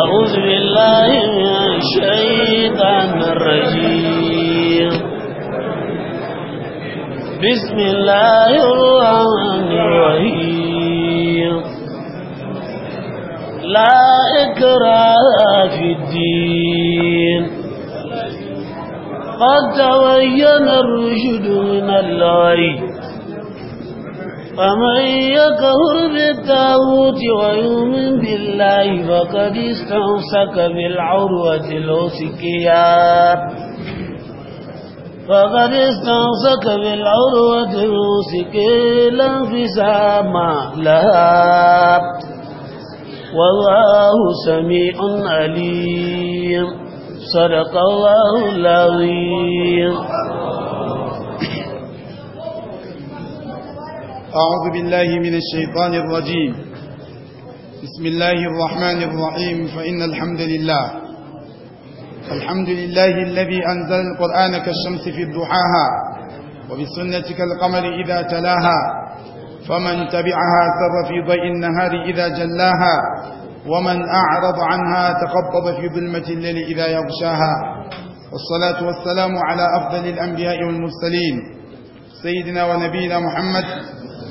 أعوذ بالله من الشيطان الرجيم بسم الله الرحمن الرحيم لا إكراه في الدين قد تبين الرشد من الغيب فمن يكفر بالتاغوت ويؤمن بالله فقد استمسك بالعروة الوثقية فقد استمسك بالعروة الوسكية لا انفصام لها والله سميع عليم صدق الله العظيم أعوذ بالله من الشيطان الرجيم بسم الله الرحمن الرحيم فإن الحمد لله الحمد لله الذي أنزل القرآن كالشمس في الضحاها وبسنة كالقمر إذا تلاها فمن تبعها سر في ضيء النهار إذا جلاها ومن أعرض عنها تقبض في ظلمة الليل إذا يغشاها والصلاة والسلام على أفضل الأنبياء والمرسلين سيدنا ونبينا محمد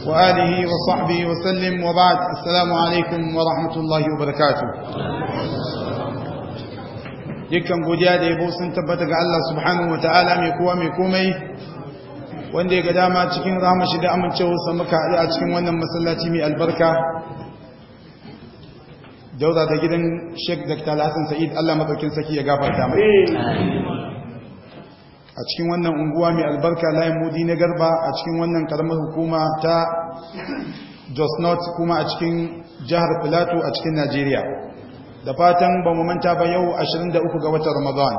وآله وصحبه وسلم وبعد السلام عليكم ورحمة الله وبركاته dukkan godiya da yabo sun tabbata ga Allah subhanahu ta'ala mai kowa mai komai wanda ya ga dama cikin rahmashi da amincewarsa muka haɗu a cikin wannan masallaci mai albarka daura da gidan Sheikh Dr. Hassan Sa'id Allah madaukin saki ya gafarta mai a cikin wannan unguwa mai albarka layin mudi na garba a cikin wannan karamar hukuma ta jos north kuma a cikin jihar filato a cikin najeriya da fatan ba mu manta ba yau 23 ga watan ramadan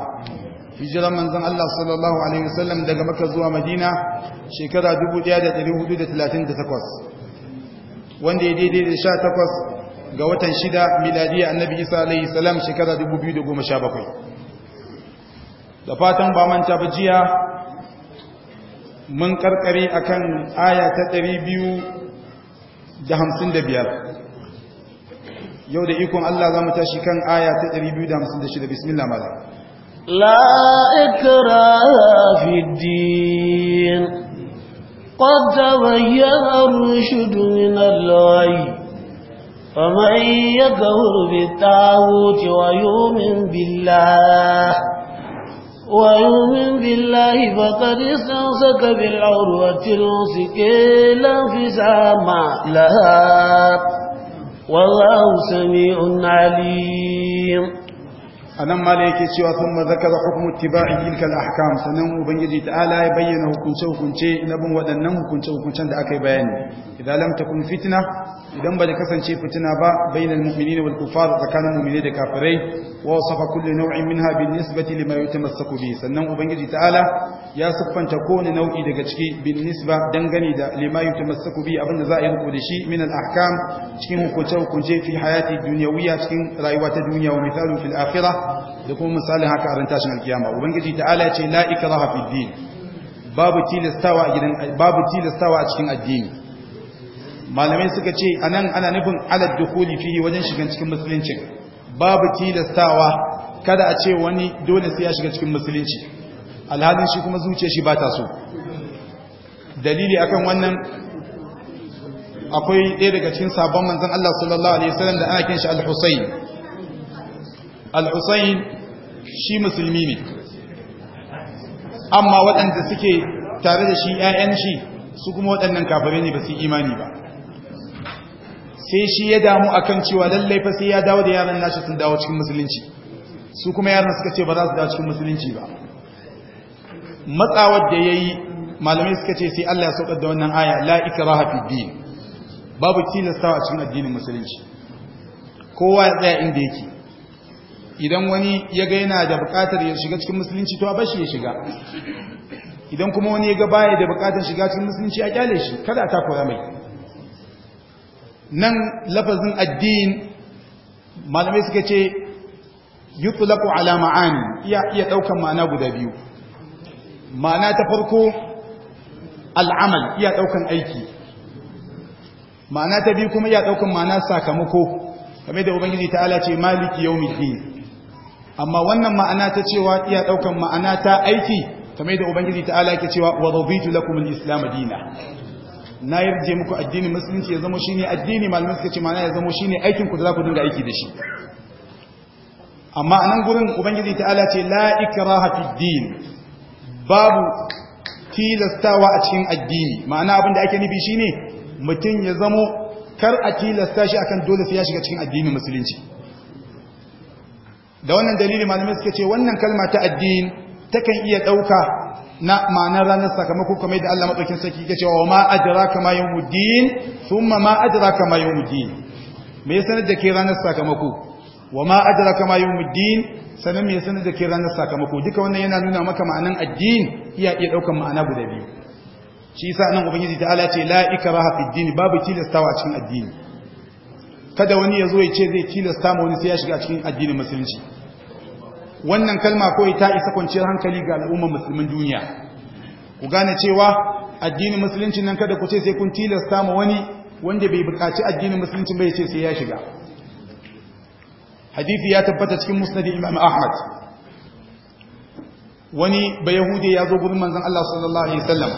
hijiran manzon Allah sallallahu alaihi wasallam daga Makka zuwa Madina shekara 1438 wanda ya daidai da 18 ga watan 6 miladiya annabi Isa alaihi salam shekara 2017 da fatan ba man ta jiya mun karkare akan aya ta 255 yau da ikon Allah za mu tashi kan aya ta 256 bismillah malam la ikraha fi din qad tabayyana ar-rushd min al-ghayy فمن يكفر بالطاغوت ويؤمن بالله ويؤمن بالله فقد استمسك بالعروة الوثقى لا انفصام لها والله سميع عليم أنما عليك سوى ثم ذكر حكم اتباع تلك الأحكام فنمو بنجد تعالى يبين حكم سوف كنت نبو ودنمو كنت سوف كنت أكي بيان إذا لم تكن فتنة idan ba da kasance fitina ba bainal mu'minina wal kufar tsakanin mu'mini da kafirai wa wasafa kullu naw'in minha bin nisbati lima yatamassaku bi sannan ubangiji ta'ala ya siffanta kowane nau'i daga ciki bin nisba dangane da lima yatamassaku bi abinda za a yi riko da shi min al ahkam cikin hukunce hukunce fi hayati dunyawiyya cikin rayuwa ta duniya wa misalu fil akhirah da kuma misalin haka a rantashin alkiyama ubangiji ta'ala ya ce la ikraha fid din babu tilastawa a babu tilastawa a cikin addini malamai suka ce a nan ana nufin alad da kuli fiye wajen shigan cikin musulunci babu tilastawa kada a ce wani dole sai ya shiga cikin musulunci alhalin shi kuma zuciya shi ba ta so dalili akan wannan akwai ɗaya daga cikin sabon manzan Allah sallallahu alaihi wasallam da ana kinshi al-Husayn al-Husayn shi musulmi ne amma waɗanda suke tare da shi ƴaƴan shi su kuma waɗannan kafirai ne ba su imani ba sai shi ya damu akan cewa lallai fa sai ya dawo da yaran nashi sun dawo cikin musulunci su kuma yaran suka ce ba za su dawo cikin musulunci ba matsawar da yayi malamai suka ce sai Allah ya saukar da wannan aya la ikraha fid din babu tilastawa a cikin addinin musulunci kowa ya tsaya inda yake idan wani ya ga yana da buƙatar ya shiga cikin musulunci to a bashi ya shiga idan kuma wani ya ga baya da buƙatar shiga cikin musulunci a kyale shi kada a takura mai nan lafazin addini malamai suka ce yutlaqu ala alama'ani iya iya daukan ma'ana guda biyu ma'ana ta farko al'amal iya ɗaukan aiki ma'ana ta biyu kuma iya ɗaukan ma'ana sakamako kamar da ubangiji ta'ala ce maliki yau yawmiddin amma wannan ma'ana ta cewa iya ɗaukan ma'ana ta aiki kamar da ubangiji ta'ala ke cewa wa biyu lakum al-islam dinan na yarje muku addini musulunci ya zama ne addini malamin suka ce mana ya zama shine aikin ku da za ku dinga aiki da shi amma nan gurin ubangiji ta'ala ce la'ika raha fid din babu tilastawa a cikin addini ma'ana abin da ake nufi shine mutum ya zamo kar a tilasta shi akan dole sai ya shiga cikin addinin musulunci da wannan dalili malamai suka ce wannan kalma ta addini takan iya ɗauka. na ma'anar ranar sakamako kamar da Allah madaukin sarki yake cewa ma kama ma yawmuddin sun ma ajira ma yawmuddin me ya sanar da ke ranar sakamako wa ma ajira ma yawmuddin sanan me ya sanar da ke ranar sakamako duka wannan yana nuna maka ma'anar addini iya iya daukan ma'ana guda biyu shi nan ubangiji ta'ala ce la ikraha fid babu tilastawa a cikin addini kada wani ya zo ya ce zai tilasta ma wani sai ya shiga cikin addinin musulunci wannan kalma ko ita isa kwanciyar hankali ga al'ummar musulmin duniya ku gane cewa addinin musulunci nan kada ku ce sai kun tilasta ma wani wanda bai buƙaci addinin musulunci bai ce sai ya shiga hadisi ya tabbata cikin musnad imam ahmad wani ba yahudi ya zo gurin manzon Allah sallallahu alaihi wasallam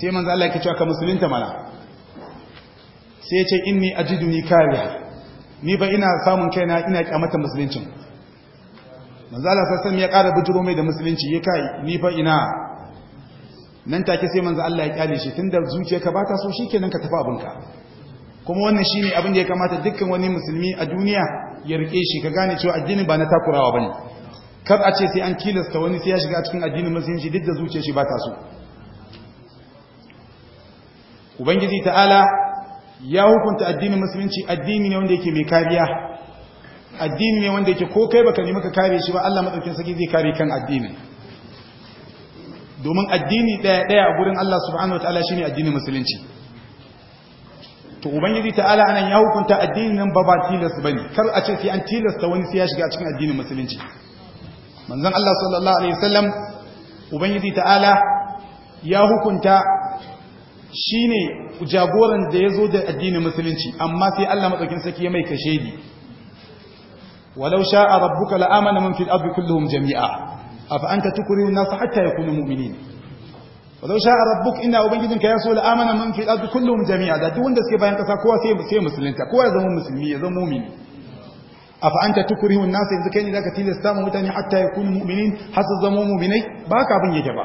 sai manzon Allah ya ce ka musulunta mana sai ya ce inni ajiduni kariya ni ba ina samun kaina ina kyamata musuluncin Manzala sa sam ya kara bujiro mai da musulunci ya kai ni ina nan take sai manzo Allah ya kyale shi tunda zuciyarka ba ta so shikenan ka tafi abinka kuma wannan shine abin da ya kamata dukkan wani musulmi a duniya ya rike shi ka gane cewa addini ba na takurawa bane kar a ce sai an kilasta wani sai ya shiga cikin addinin musulunci duk da zuciyar shi ba ta so ubangiji ta'ala ya hukunta addinin musulunci addini ne wanda yake mai kariya addini ne wanda yake ko kai baka nemi ka kare shi ba Allah madaukin sarki zai kare kan addini domin addini daya daya a gurin Allah subhanahu wataala shine addinin musulunci to ubangiji ta'ala anan ya hukunta addinin nan ba ba tilas bane kar a ce sai an tilasta wani sai ya shiga cikin addinin musulunci manzon Allah sallallahu alaihi wasallam ubangiji ta'ala ya hukunta shine jagoran da yazo da addinin musulunci amma sai Allah madaukin sarki ya mai kashedi walau sha'a rabbuka la'amana man fil ardi kulluhum jami'a afa anta tukrihu an-nas hatta yakunu mu'minin walau sha'a rabbuk inna ubangijinka ya so la'amana man fil ardi kulluhum jami'a da wanda suke bayan kasa kowa sai sai musulunta kowa ya zama musulmi ya zama mu'mini afa anta tukrihu an-nas yanzu kai ne zaka tilasta mutane hatta yakunu mu'minin zama mu'minai ba ka abin yake ba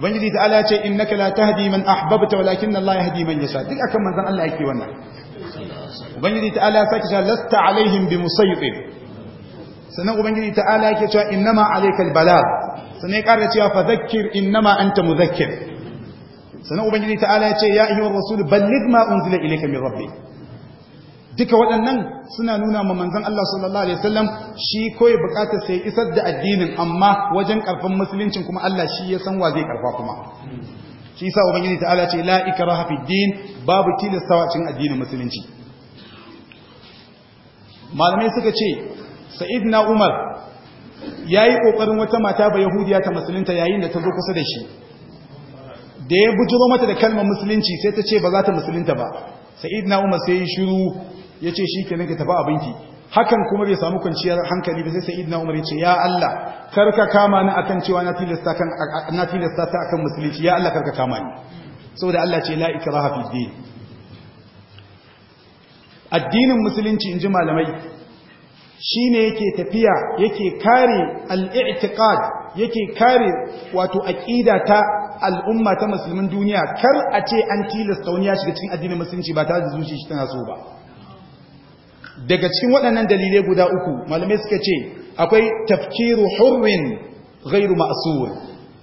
ubangiji ta ala ce naka la tahdi man ahbabta walakin Allah yahdi man yasha duk akan manzan Allah yake wannan ubangiji ta'ala ya sake cewa lasta alaihim bi musaytir sannan ubangiji ta'ala yake cewa innama alaikal bala sannan ya ƙara cewa fa innama anta muzakkir sannan ubangiji ta'ala ya ce ya ayyuhar rasul balligh ma unzila ilayka min rabbik duka waɗannan suna nuna ma manzon Allah sallallahu alaihi wasallam shi koyi bukatar sai isar da addinin amma wajen karfan musuluncin kuma Allah shi ya san wa zai karfa kuma shi yasa ubangiji ta'ala ce la ikraha fid din babu tilastawa cin addinin musulunci malamai suka ce sa'id na umar ya yi ƙoƙarin wata mata ba yahudiya ta musulunta yayin da ta zo kusa da shi da ya bujiro mata da kalmar musulunci sai ta ce ba za ta musulunta ba sa'id na umar sai ya shiru ya ce shi kenan ka tafi abinki hakan kuma bai samu kwanciyar hankali ba sai sa'id na umar ya ce ya Allah karka kama ni akan cewa na tilasta kan na tilasta ta akan musulunci ya Allah karka kama ni saboda Allah ce la ikraha fi din addinin musulunci in ji malamai shi ne yake tafiya yake kare alitikad yake kare wato aƙida ta al'umma ta musulmin duniya kar a ce an tilasta wani ya shiga cikin addinin musulunci ba ta da zuci shi tana so ba daga cikin waɗannan dalilai guda uku malamai suka ce akwai tafkiru hurwin gairu masur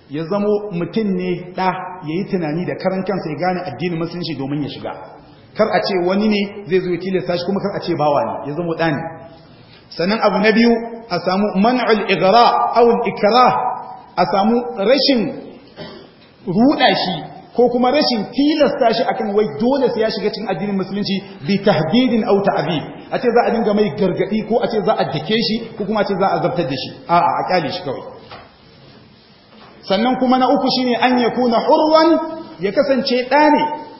ya zamo mutum ne ɗa ya yi tunani da karan kansa ya gane addinin musulunci domin ya shiga kar a ce wani ne zai zo ya tilasta shi kuma kar a ce bawa ne ya zama ne. sannan abu na biyu a samu man'ul igra aw ikra a samu rashin ruda shi ko kuma rashin tilasta shi akan wai dole sai ya shiga cikin addinin musulunci bi tahdidin aw ta'dib a ce za a dinga mai gargadi ko a ce za a dake shi ko kuma a ce za a zabtar da shi a'a a kyale shi kawai sannan kuma na uku shine an yakuna hurwan ya kasance ɗane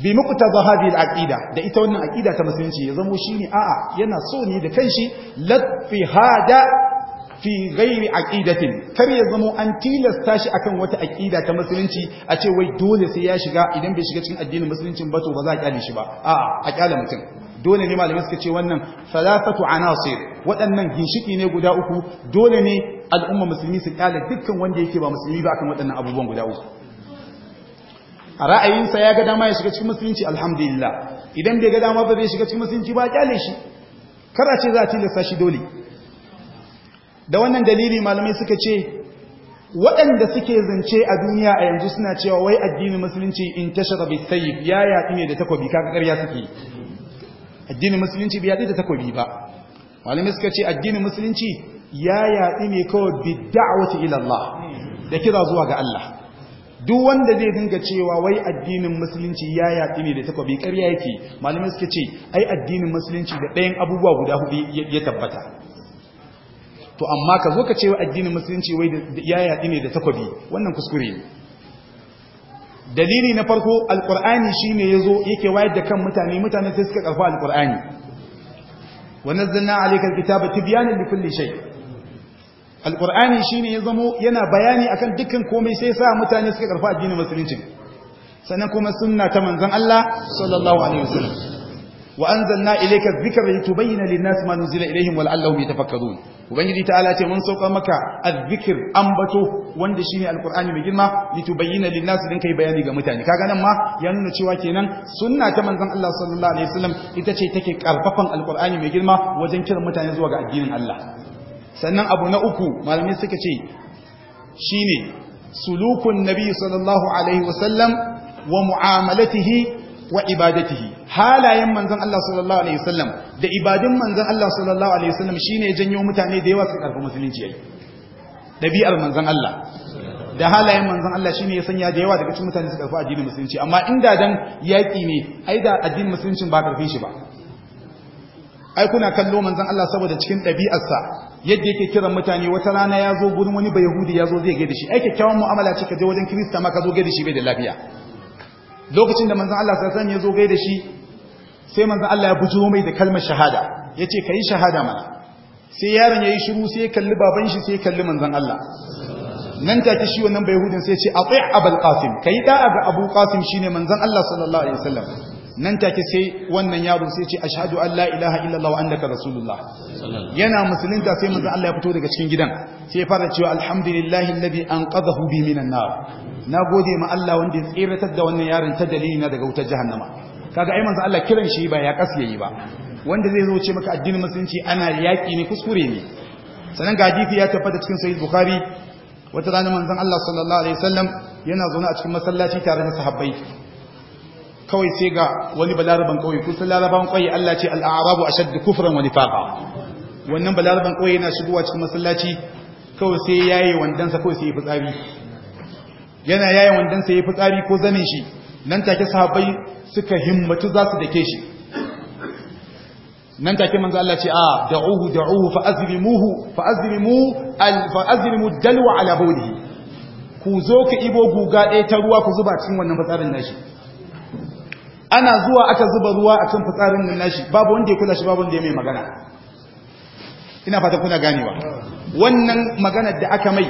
bi muqta zahabi al-aqida da ita wannan aqida ta musulunci ya zamo shine a'a yana so ne da kanshi latfi hada fi ghairi aqidatin kar ya zamo an tilasta shi akan wata aqida ta musulunci a ce wai dole sai ya shiga idan bai shiga cikin addinin musulunci ba to ba za a kyale shi ba a'a a kyale mutum dole ne malamai suka ce wannan salasatu anasir waɗannan ginshiki ne guda uku dole ne al'umma musulmi su kyale dukkan wanda yake ba musulmi ba akan waɗannan abubuwan guda uku a ra'ayinsa ya ga dama ya shiga cikin musulunci alhamdulillah idan bai ga dama ba zai shiga cikin musulunci ba kyale shi kar ce za a tilasta shi dole da wannan dalili malamai suka ce waɗanda suke zance a duniya a yanzu suna cewa wai addinin musulunci in tashara bi sai ya yaɗi ne da takobi kaga ƙarya suke addinin musulunci bai yaɗi da takobi ba malamai suka ce addinin musulunci ya yaɗi ne kawai bi da'awati ila Allah da kira zuwa ga Allah duk wanda zai dinga cewa wai addinin musulunci ya yaƙi ne da takwabi ƙarya yake malamai suka ce ai addinin musulunci da ɗayan abubuwa guda hudu ya tabbata to amma ka zo ka ce addinin musulunci wai ya yaƙi ne da takwabi wannan kuskure ne dalili na farko alƙur'ani shi ne ya zo yake wayar da kan mutane mutane sai suka karfa alƙur'ani wa nazzalna alayka alkitaba tibyanan likulli shay' alqur'ani shine ya zamo yana bayani akan dukkan komai sai sa mutane suka karfa addinin musulunci sannan kuma sunna ta manzon Allah sallallahu alaihi wasallam wa anzalna ilayka adh-dhikra litubayyana lin-nasi ma nuzila ilayhim wa la'allahum yatafakkarun ubangiji ta'ala ce mun sauka maka adh-dhikr ambato wanda shine alqur'ani mai girma litubayyana lin-nasi din kai bayani ga mutane kaga nan ma ya nuna cewa kenan sunna ta manzon Allah sallallahu alaihi wasallam ita ce take karfafan alqur'ani mai girma wajen kiran mutane zuwa ga addinin Allah sannan abu na uku malamai suka ce shi ne sulukun nabi sallallahu alaihi wasallam wa mu'amalatihi wa ibadatihi halayen manzon Allah sallallahu alaihi wasallam da ibadun manzon Allah sallallahu alaihi wasallam shine janyo mutane da yawa su karfi musulunci yayi dabi'ar manzon Allah da halayen manzon Allah shine ya sanya da yawa daga cikin mutane su karfi addinin musulunci amma inda dan yaki ne ai da addinin musulunci ba karfin shi ba ai kuna kallo manzon Allah saboda cikin dabi'arsa yadda yake kiran mutane wata rana ya zo gurin wani bai yahudi ya zo zai gaida shi ai kyakkyawan mu'amala ce ka je wajen kirista ma ka zo gaida shi bai da lafiya lokacin da manzon Allah sallallahu alaihi wasallam ya zo gaida shi sai manzon Allah ya bujo mai da kalmar shahada Ya yace kai shahada mana sai yaron yi shiru sai ya kalli baban shi sai ya kalli manzon Allah nan take shi wannan bai yahudin sai ya ce ati abul qasim kai ga abu qasim shine manzon Allah sallallahu alaihi wasallam nan take sai wannan yaro sai ce ashhadu allah la ilaha illallah wa annaka rasulullah yana musulunta sai manzo Allah ya fito daga cikin gidan sai fara cewa alhamdulillahi alladhi anqadhahu bi minan nar nagode ma Allah wanda ya tsiratar da wannan yaron ta dalili dalilina daga wutar jahannama kaga ai manzo Allah kiran shi ba ya kasiye ba wanda zai zo ce maka addinin musulunci ana yaki ne kuskure ne sanan ga hadisi ya tabbata cikin sahih bukhari wata rana manzon Allah sallallahu alaihi wasallam yana zaune a cikin masallaci tare da sahabbai kawai sai ga wani balaraban kawai kusan laraban kawai Allah ce al'arabu ashaddu kufran wani faɗa. wannan balaraban kawai yana shigowa cikin masallaci kawai sai ya yi sa kawai sai ya yi fitsari yana ya yayi wandan ya yi fitsari ko zanin shi nan take sahabai suka himmatu za su dake shi nan take manzo Allah ce a ah, da'uhu da'uhu fa azrimuhu fa azrimu al fa azrimu dalwa ala bawlihi ku zo ka ibo guga ɗaya ta ruwa ku zuba cikin wannan fitsarin nashi ana zuwa aka zuba ruwa akan fitsarin nan nashi babu wanda ya kula shi babu wanda ya mai magana ina fata kuna ganewa wannan maganar da aka mai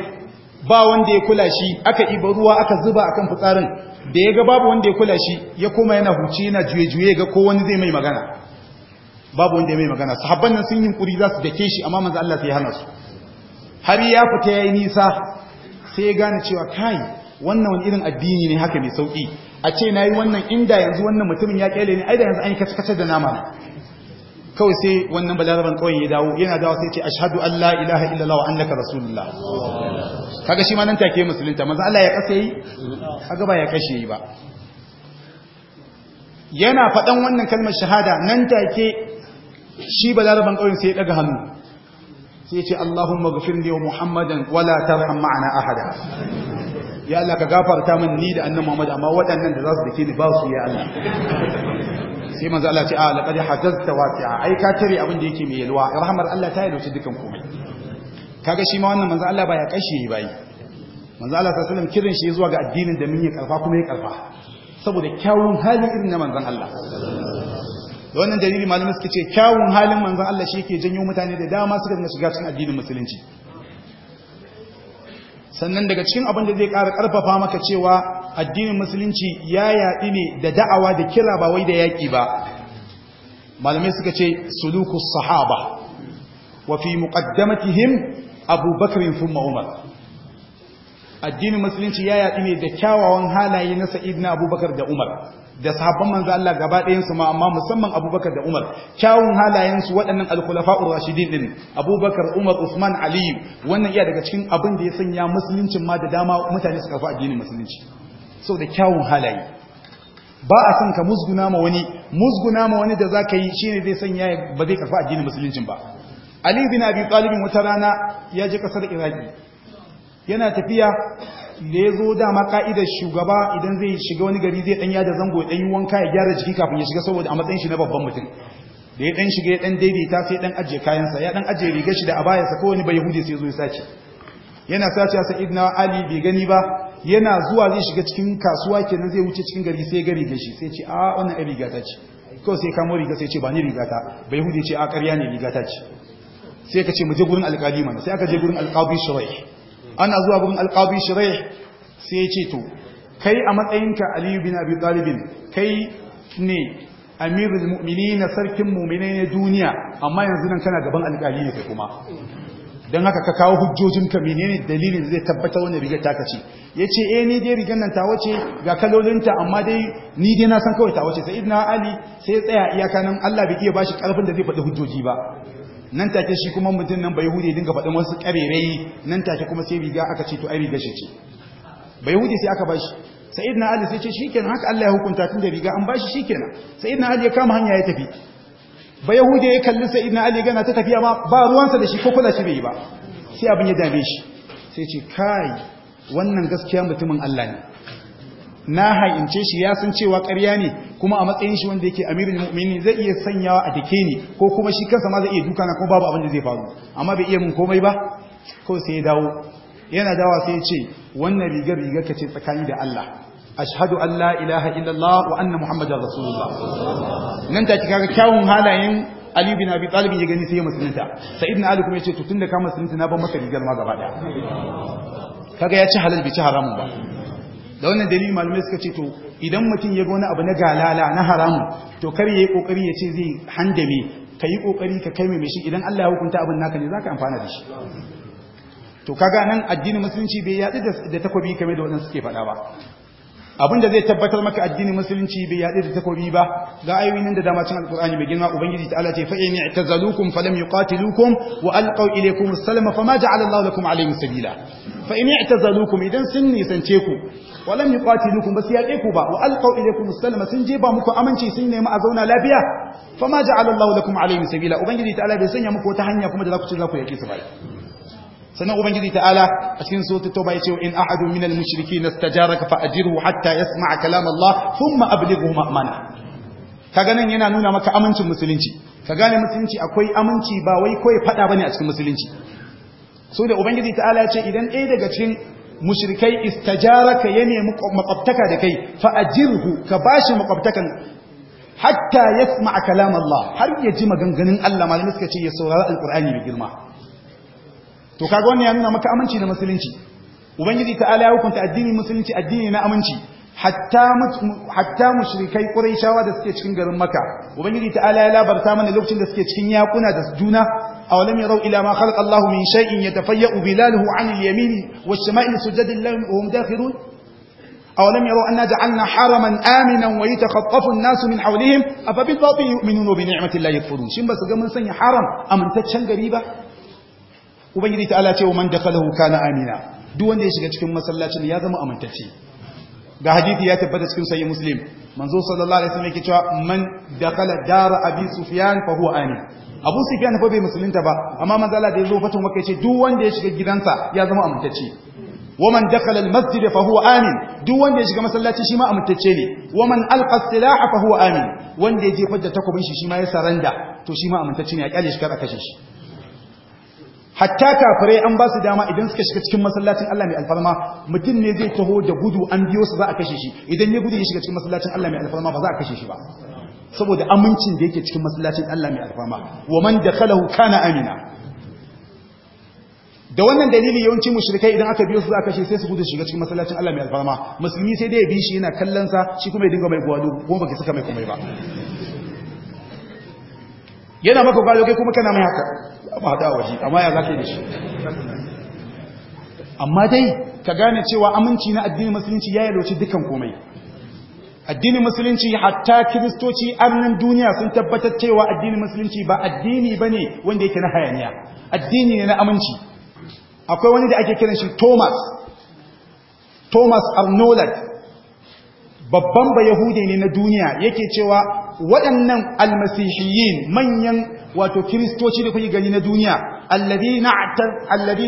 ba wanda ya kula shi aka iba ruwa aka zuba akan fitsarin da ya ga babu wanda ya kula shi ya koma yana huce yana juye-juye ga ko wani zai mai magana babu wanda ya mai magana sahabban nan sun yi kuri za su dake shi amma manzo Allah sai ya hana su har ya fita yayi nisa sai ya gane cewa kai wannan wani irin addini ne haka mai sauki a ce na yi wannan inda yanzu wannan mutumin ya kyale ne ai da yanzu an yi kacce da nama kawai sai wannan balaraban kawai ya dawo yana dawo sai ce a shahadu Allah ilaha illallah wa annaka rasulullah kaga shi ma nan take musulunta manzo Allah ya kasa yi kaga ba ya kashe yi ba yana faɗan wannan kalmar shahada nan take shi balaraban kawai sai ya daga hannu sai ya ce Allahumma ghfirli wa Muhammadan wala tarham ma'ana ahada ya Allah ka gafarta min ni da annan Muhammad amma waɗannan da za su dake ni ba su ya Allah sai manzo Allah ce a laqad hajazta wasi'a ai ka tare abin da yake mai yalwa rahmar Allah ta yalwace dukan komai kaga shi ma wannan manzo Allah ba ya kashe yi. manzo Allah sallallahu alaihi wasallam kirin shi zuwa ga addinin da mun yi karfa kuma ya karfa saboda kyawun hali irin na manzon Allah da wannan dalili malamin suka ce kyawun halin manzon Allah shi yake janyo mutane da dama suka dinga shiga cikin addinin musulunci sannan daga cikin abin da zai ƙara ƙarfafa maka cewa addinin musulunci ya yaɗi ne da da'awa da kira ba wai da yaƙi ba malamai suka ce suluku sahaba wa fi muqaddamatihim abubakar fi umar addinin musulunci ya yaɗu ne da kyawawan halaye na na abubakar da umar da sahabban manzo Allah gaba ɗayansu ma amma musamman Abubakar da Umar kyawun halayensu waɗannan alkulafa khulafaur rashidin din Abubakar Umar Usman Aliyu, wannan iya daga cikin abin da ya sanya musuluncin ma da dama mutane su karfi addinin musulunci sau da kyawun halaye ba a san ka musguna ma wani musguna ma wani da za ka yi shine zai sanya ba zai karfi addinin musuluncin ba Ali bin Abi wata rana ya je kasar Iraki yana tafiya da ya zo dama ka'idar shugaba idan zai shiga wani gari zai danya da zango ɗanyi wanka ya gyara jiki kafin ya shiga saboda a matsayin shi na babban mutum da ya ɗan shiga ya ɗan daidaita sai ɗan ajiye kayansa ya ɗan ajiye rigar shi da abayarsa ko wani bayahudi sai zo ya sace yana sace sa na ali bai gani ba yana zuwa zai shiga cikin kasuwa kenan zai wuce cikin gari sai ga rigar shi sai ce a ah, wannan ai riga ta ce kawai sai kamo riga sai ce ba ni riga ta bayahudi ce a ƙarya ne riga ta ce sai ka ce mu je gurin alƙali mana sai aka je gurin alƙabi shirai ana zuwa gurin alqabi shiraih sai ya ce to kai a matsayinka aliyu bin abi talibin kai ne amirul mu'mini na sarkin mu'minai na duniya amma yanzu nan kana gaban alƙali ne kai kuma don haka ka kawo hujjojinka menene dalilin zai tabbatar wannan rigar ta kace ya ce eh ni dai rigar nan ta wace ga kalolinta amma dai ni dai na san kawai ta wace sai idina ali sai tsaya iyaka nan allah bai iya bashi karfin da zai faɗi hujjoji ba nan take shi kuma mutum nan bai hude dinga faɗin wasu ƙarerai nan take kuma sai riga aka ce to ai riga shi ce bai hude sai aka bashi idan ali sai ce kenan haka Allah ya hukunta tun da riga an bashi sai idan ali ya kama hanya ya tafi bai hude ya kalli idan ali gana ta tafiya ma ba ruwansa da shi ko kula shi bai yi ba sai abin ya dame shi sai ce kai wannan gaskiya mutumin Allah ne na ha'ince shi ya san cewa ƙarya ne kuma a matsayin shi wanda yake amirul mu'minin zai iya sanyawa a dake ni ko kuma shi kansa ma zai iya duka na kuma babu abin da zai faru amma bai iya mun komai ba ko sai ya dawo yana dawa sai ya ce wannan rigar rigar ka ce tsakani da Allah ashhadu an la ilaha illallah wa anna muhammadar rasulullah nan take kaga kyawun halayen Ali bin Abi Talib ya gani sai ya musulunta ibn Ali kuma ya ce to tunda ka musulunta na ban maka rigar ma gaba daya kaga ya ci halal bai ci haramun ba da wannan dalilin malamai suka ce to idan mutum ya gona wani abu na galala na haramu to kar yi kokari ya ce zai handame ka yi kokari ka kai mai shi idan Allah ya hukunta abin naka ne zaka amfana da shi to kaga nan addinin musulunci bai yadda da takobi kamar da waɗansu suke faɗa ba abinda zai tabbatar maka addinin musulunci bai yaɗe da takobi ba ga ayoyin da dama cin alkur'ani mai girma ubangiji ta Allah ce fa in i'tazalukum falam yuqatilukum wa alqaw ilaykum as-salama fama ja'ala Allahu lakum alayhim sabila fa in i'tazalukum idan sun nisance ku wa lam yuqatilukum bas yaƙe ku ba wa alqaw ilaykum as-salama sun je ba muku aminci sun nemi a zauna lafiya Fa ma ja'ala Allahu lakum alayhim sabila ubangiji ta Allah bai sanya muku wata hanya kuma da za ku ci za ku yaƙi su ba sannan ubangiji ta'ala a cikin sura tauba yace in ahadu minal mushrikeen istajaraka fa ajirhu hatta yasma kalam Allah thumma ablighu ma'mana kaga nan yana nuna maka amincin musulunci ka gane musulunci akwai aminci ba wai kai fada bane a cikin musulunci so da ubangiji ta'ala yace idan ɗaya daga cikin mushrikai istajaraka ya nemi makwabtaka da kai fa ajirhu ka bashi makwabtakan hatta yasma kalam Allah har ya ji maganganun Allah malamin suka ce ya saurari alqur'ani mai girma to kaga wannan ya nuna maka aminci da musulunci ubangiji ta'ala ya hukunta addinin musulunci addini na aminci hatta hatta mushrikai quraishawa da suke cikin garin makka ubangiji ta'ala ya labarta mana lokacin da suke cikin yakuna da juna awalam yarau ila ma khalaqa Allahu min shay'in yatafayyu bilaluhu 'anil yamini wash-shimali sujadan lahum wa hum dakhirun أولم يروا أن جعلنا حرما آمنا ويتخطف الناس من حولهم أفبالباطل يؤمنون وبنعمة ba يكفرون شن بس قمن sanya haram amintaccen gari ba? ubangiji ta'ala ce wa man dakhalahu kana amina duk wanda ya shiga cikin masallacin ya zama amintacce ga hadisi ya tabbata cikin sahih muslim manzo sallallahu alaihi wasallam yake cewa man dakhala dar abi sufyan fa huwa amin abu sufyan fa bai musulunta ba amma manzo Allah da yazo fatan maka yace duk wanda ya shiga gidansa ya zama amintacce ومن دخل المسجد فهو آمن duk wanda ya shiga masallaci shi ma amintacce ne waman alqa silaha fa huwa amin wanda ya jefar da takobin shi shi ma ya saranda to shi ma amintacce hatta kafirai an ba su dama idan suka shiga cikin masallacin Allah mai alfarma mutum ne zai taho da gudu an biyo su za a kashe shi idan ne gudu ya shiga cikin masallacin Allah mai alfarma ba za a kashe shi ba saboda amincin da yake cikin masallacin Allah mai alfarma wa man dakhalahu kana amina da wannan dalili yawanci mushrikai idan aka biyo su za a kashe sai su gudu shiga cikin masallacin Allah mai alfarma musulmi sai dai ya bi shi yana kallon sa shi kuma ya dinga mai gwado kuma baki saka mai komai ba yana maka gwalo kai kuma kana mai haka ba da waje amma ya zaka da shi amma dai ka gane cewa aminci na addinin musulunci ya yalwaci dukan komai addinin musulunci hatta kiristoci arnin duniya sun tabbatar cewa addinin musulunci ba addini bane wanda yake na hayaniya addini ne na aminci akwai wani da ake kiran shi Thomas Thomas Arnold babban ba Yahude ne na duniya yake cewa waɗannan almasihiyin manyan wato kiristoci da kuke gani na duniya alladhi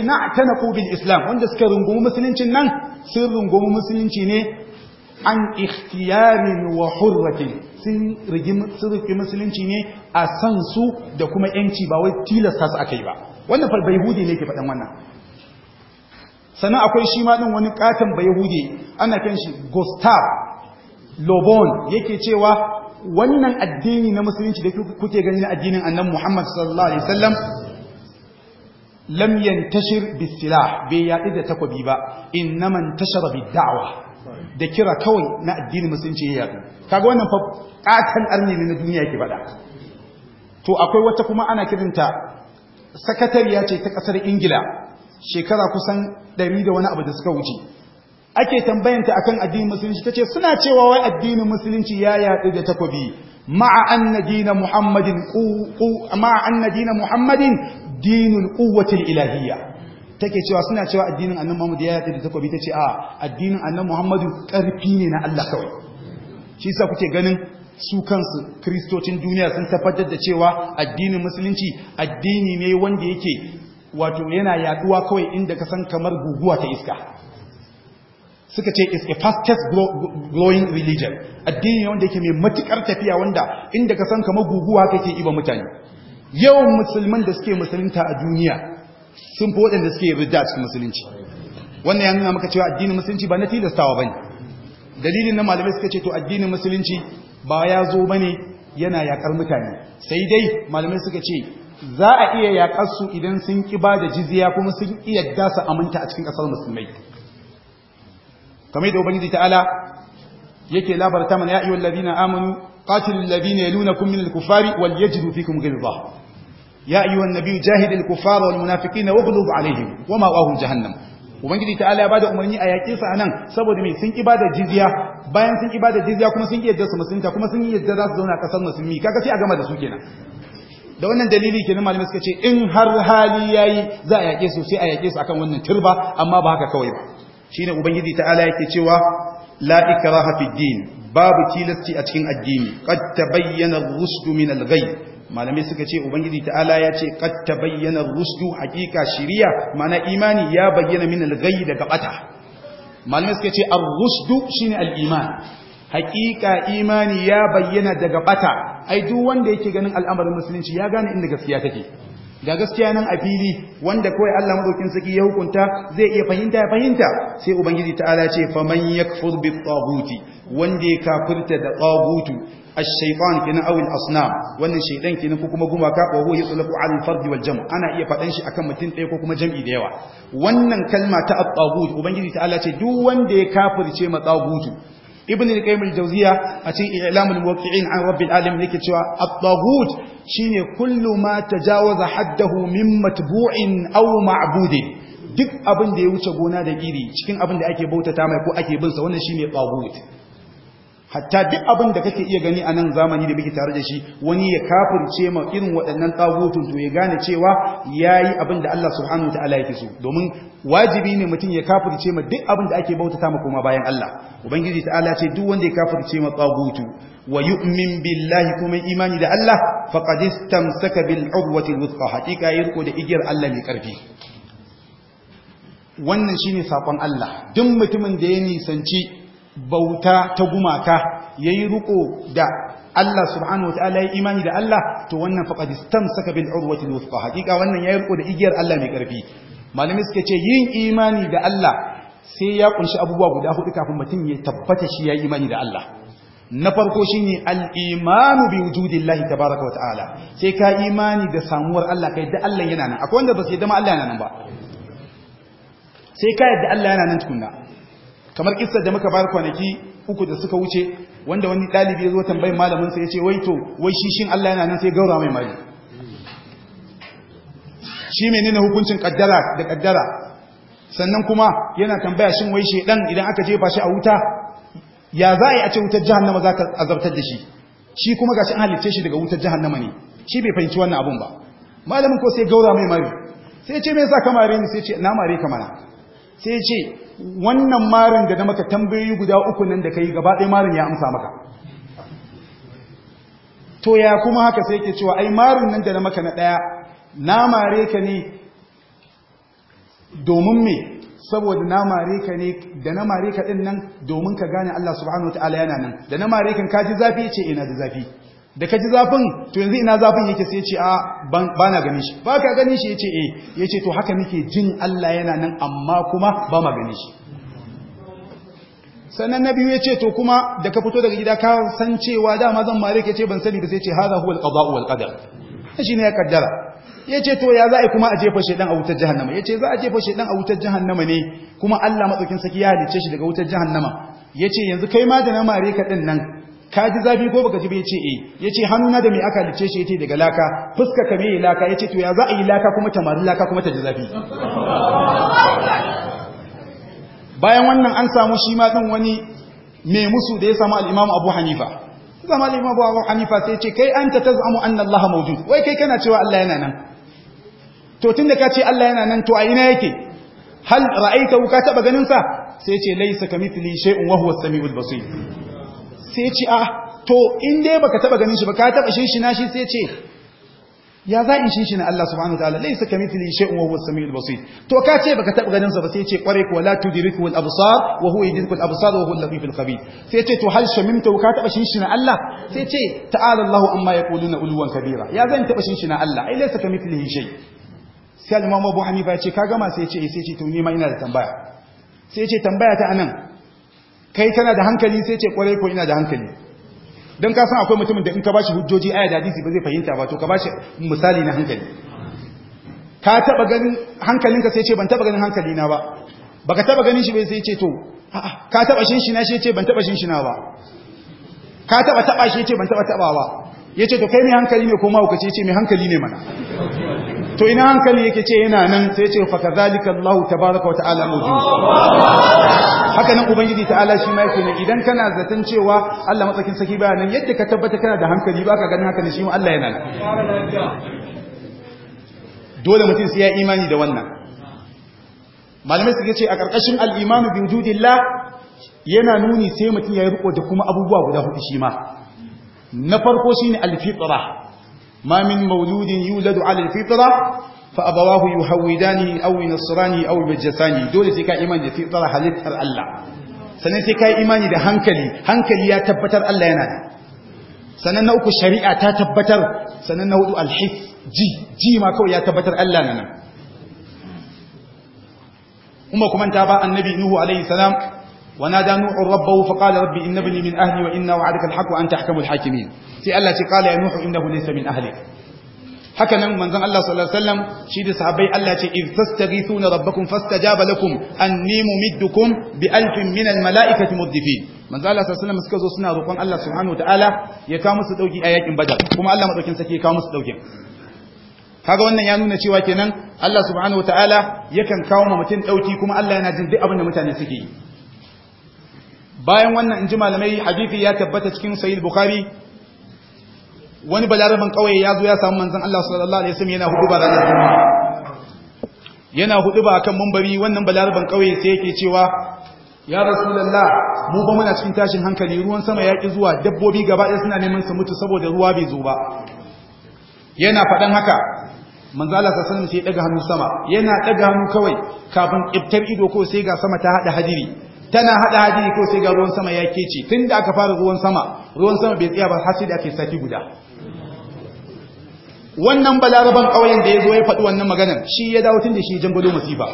na'tanaku bil islam wanda suka rungumi musuluncin nan sun rungumi musulunci ne an ikhtiyarin wa hurrati sun rigi musulunci ne a san su da kuma yanci ba wai tilasta su akai ba wannan fal bayhudi ne ke faɗan wannan sannan akwai shi ma ɗin wani ƙaton bayhudi ana kan shi gustav lobon yake cewa wannan addini na musulunci da kuke gani na addinin annan Muhammad sallallahu alaihi sallam lam yantashir bisilah bai yaɗi da takobi ba innaman tashara bid'awa da kira kawai na addinin musulunci ya yaɗu kaga wannan fa katan arni ne na duniya ke faɗa to akwai wata kuma ana kirinta sakatariya ce ta ƙasar Ingila shekara kusan ɗari da wani abu da suka wuce ake tambayanta akan addinin musulunci tace suna cewa wai addinin musulunci ya yadu da takobi ma'a anna dina muhammadin qu ma'a anna dina muhammadin dinul quwwati ilahiyya take cewa suna cewa addinin annabi Muhammad ya yadu da takobi tace a addinin annabi Muhammadu karfi ne na Allah kawai shi yasa kuke ganin su kansu kristocin duniya sun tabbatar da cewa addinin musulunci addini ne wanda yake wato yana yaduwa kawai inda ka san kamar guguwa ta iska suka ce is a fastest growing religion addini ne wanda yake mai matukar tafiya wanda inda ka san kamar guguwa kake iba mutane yawan musulman da suke musulunta a duniya sun fi waɗanda suke ridda cikin musulunci wannan ya nuna maka cewa addinin musulunci ba na tilastawa bane dalilin na malamai suka ce to addinin musulunci ba ya zo bane yana yakar mutane sai dai malamai suka ce za a iya yakar su idan sun ki ba da jizya kuma sun iya dasa aminta a cikin ƙasar musulmai kamar da ubangiji ta'ala yake labarta mana ya ayyuhal ladina amanu qatilul ladina yalunakum minal kuffari wal yajidu fikum ghilza ya ayyuhan nabiyyu jahidil kuffara wal munafiqina waghlub alaihim wama wahum jahannam ubangiji ta'ala ya bada umarni a yaƙe su anan saboda mai sun ibada jizya bayan sun ibada jizya kuma sun yadda su musulunta kuma sun yadda za su zauna kasar musulmi kaga sai a gama da su kenan da wannan dalili kenan malamai suka ce in har hali yayi za a yaƙe su sai a yaƙe su akan wannan turba amma ba haka kawai ba shine ubangiji ta'ala yake cewa la ikraha fid din babu tilasti a cikin addini qad tabayyana ar-rusdu min al-ghayb malamai suka ce ubangiji ta'ala ya ce qad tabayyana ar-rusdu haqiqa shiriya mana imani ya bayyana min al-ghayb daga bata malamai suka ce ar-rusdu shine al-iman haqiqa imani ya bayyana daga bata ai duk wanda yake ganin al'amarin musulunci ya gane inda gaskiya take ga gaskiya nan a fili wanda kawai Allah madaukin saki ya hukunta zai iya fahimta ya fahimta sai ubangiji ta'ala ce man yakfur bi taghuti wanda ya kafirta da taghutu ash-shaytan kina aw al-asnam wannan shaydan kina ko kuma gumaka ko huwa yutlaqu 'ala al-fard wal jam' ana iya fadan shi akan mutum ɗaya ko kuma jam'i da yawa wannan kalma ta at ubangiji ta'ala ce duk wanda ya kafirce ma taghutu ibn al-qayyim al-jawziya a cikin i'lamul muwaqqi'in an rabbil alamin yake cewa at-taghut shine kullu ma tajawaza haddahu min matbu'in aw ma'budin duk abin da ya wuce gona da iri cikin abin da ake bautata mai ko ake bin sa wannan shine taghut hatta duk abin da kake iya gani a nan zamani da muke tare da shi wani ya kafirce ma irin waɗannan tsagutun to ya gane cewa ya yi abin da Allah subhanahu wa ta'ala yake so domin wajibi ne mutum ya kafirce ma duk abin da ake bautata ma koma bayan Allah ubangiji ta'ala ce duk wanda ya kafirce ma tsagutu wa yu'min billahi kuma imani da Allah faqad istamsaka bil urwati wuthqa haqiqa yirko da igiyar Allah mai karfi wannan shine sakon Allah duk mutumin da ya nisanci bauta ta gumaka yayi ruko da Allah subhanahu wataala ya imani da Allah to wannan faqad istamsaka bil urwati wuthqa hakika wannan yayi ruko da igiyar Allah mai karfi malami suka ce yin imani da Allah sai ya kunshi abubuwa guda hudu kafin mutum ya tabbata shi ya yi imani da Allah na farko shi ne al’imanu bi wujudillahi ta baraka wata’ala sai ka imani da samuwar Allah ka yadda Allah yana nan akwai wanda ba sai ma Allah yana nan ba sai ka yadda Allah yana nan tukunna kamar kissa da muka bar kwanaki uku da suka wuce wanda wani ɗalibi ya zo tambayin malamin sa ce wai to wai shi shin Allah yana nan sai gaura mai mali shi menene hukuncin kaddara da kaddara sannan kuma yana tambaya shin wai shedan idan aka jefa shi a wuta ya za a yi a ce wutar jahannama za ka azabtar da shi shi kuma gashi an halicce shi daga wutar jahannama ne shi bai fahimci wannan abun ba malamin ko sai gaura mai mari sai ce me yasa ka mare ni sai ce na mare ka mana sai ce wannan marin da na maka tambayoyi guda uku nan da yi gaba ɗaya marin ya amsa maka to ya kuma haka sai ke cewa ai marin nan da na maka na ɗaya na mare ka ne domin me saboda na mare ka ne da na mare ka din nan domin ka gane Allah subhanahu wataala yana nan da na mare kan ji zafi ce ina eh, da zafi da ka ji zafin to yanzu ina zafin yake sai ce a bana gani shi ba ka gani shi yace eh yace to haka nake jin Allah yana nan amma kuma ba ma gani shi sannan na biyu ya ce to kuma da ka fito daga gida ka san cewa dama zan mare ka ce ban sani ba sai ce haza huwal qada'u wal qadar shi ne ya kaddara ya ce to ya za a yi kuma a jefa shaidan a wutar jihannama. ya ce za a jefa shaidan a wutar jihannama ne kuma Allah matsakin saki ya halice shi daga wutar jihannama. ya ce yanzu kai ma da na mare ka din nan ka ji zafi ko baka ji ba ya ce eh ya ce hannuna da me aka halice shi ce daga laka fuska ka mai laka ya ce to ya za a yi laka kuma ta mari laka kuma ta ji zafi bayan wannan an samu shi ma din wani mai musu da ya samu al'imamu Abu Hanifa zama limabu abu hanifa sai ce kai an ta tazamu anna allaha mawjud wai kai kana cewa allah yana nan to da ka ce Allah yana nan to a ina yake hal ra'aita ka taba ganin sa sai ce laysa kamithli shay'un wa huwa as-sami'ul basir sai ce a to in dai baka taba ganin shi baka ka taba shin shi na shi sai ce ya za in shin shi na Allah subhanahu wataala laysa kamithli shay'un wa huwa as-sami'ul basir to ka ce baka taba ganin sa ba sai ce kware ko la tudriku al-absar wa huwa yudriku al-absar wa huwa al-latiful khabir sai ce to hal shamimta ka taba shin shi na Allah sai ce ta'ala Allahu amma yaquluna ulwan kabira ya zan taba shin shi na Allah ai laysa kamithlihi shay' sai al-imamu abu hanifa ya ce ka gama sai ya ce eh, sai ce to ni ma ina da tambaya sai ya ce tambaya ta anan kai kana da hankali sai ya ce kwarai ko ina da hankali don ka san akwai mutumin da in ka bashi hujjoji aya da hadisi ba zai fahimta ba to ka bashi misali na hankali ka taba ganin hankalinka sai ce ban taba ganin hankalina ba baka taba ganin shi bai sai ce to ka taba shin shi na shi ce ban taba shin shi na ba ka taba taba shi ce ban taba taba ba yace to kai mai hankali ne ko ma ce ce mai hankali ne mana to ina hankali yake ce yana nan sai ce fa kazalika Allah tabaaraka wa ta'ala haka nan ubangiji ta'ala shi ma yake ne idan kana zaton cewa Allah matsakin saki baya nan yadda ka tabbata kana da hankali ba ka ganin haka ne shi ma Allah yana nan dole mutum sai ya imani da wannan malamai suke ce a karkashin al-imanu bi wujudillah yana nuni sai mutum ya yi riko da kuma abubuwa guda hudu shi ma na farko shine al-fitra ما من مولود يولد على الفطرة فأبواه يهودانه أو ينصرانه أو يبجسانه دولة سيكا إيمان الفطرة حلت الله sannan sai ka yi da hankali hankali ya tabbatar Allah yana da sannan na uku shari'a ta tabbatar sannan na hudu alhif ji ji ma kawai ya tabbatar Allah na nan kuma kuma ta ba annabi nuhu salam ونادى نوح ربه فقال ربي إن ابني من أهلي وإن وعدك الحق وأنت أحكم الحاكمين في الله قال يا نوح إنه ليس من أهلك haka nan manzon Allah sallallahu alaihi wasallam shi da sahabbai Allah ce iz tastaghithuna rabbakum jaba lakum anni mumiddukum bi alfin min al malaikati mudifin manzon Allah sallallahu suka zo suna roƙon Allah subhanahu ya kawo musu dauki a yakin badar kuma Allah madaukin sake ya kawo musu daukin kaga wannan ya nuna cewa kenan Allah subhanahu wataala yakan kawo ma mutum ɗauki kuma Allah yana jin duk abin mutane suke bayan wannan in ji malamai hadithi ya tabbata cikin sayi bukhari wani balaraban kauye ya zo ya samu manzan Allah sallallahu alaihi wasallam yana hudu ba ranar juma'a yana hudu ba akan mambari wannan balaraban kauye sai yake cewa ya rasulullah mu ba muna cikin tashin hankali ruwan sama ya ki zuwa dabbobi gaba ɗaya suna neman su mutu saboda ruwa bai zo ba yana faɗan haka manzo Allah sallallahu alaihi wasallam sai ya daga hannu sama yana ɗaga hannu kawai kafin ibtar ido ko sai ga sama ta haɗa hadiri tana hada hadiri ko sai ga ruwan sama ya kece tun da aka fara ruwan sama ruwan sama bai tsaya ba har sai da ake sati guda wannan balaraban ƙauyen da ya zo ya faɗi wannan maganar shi ya dawo tun da shi jangwado masifa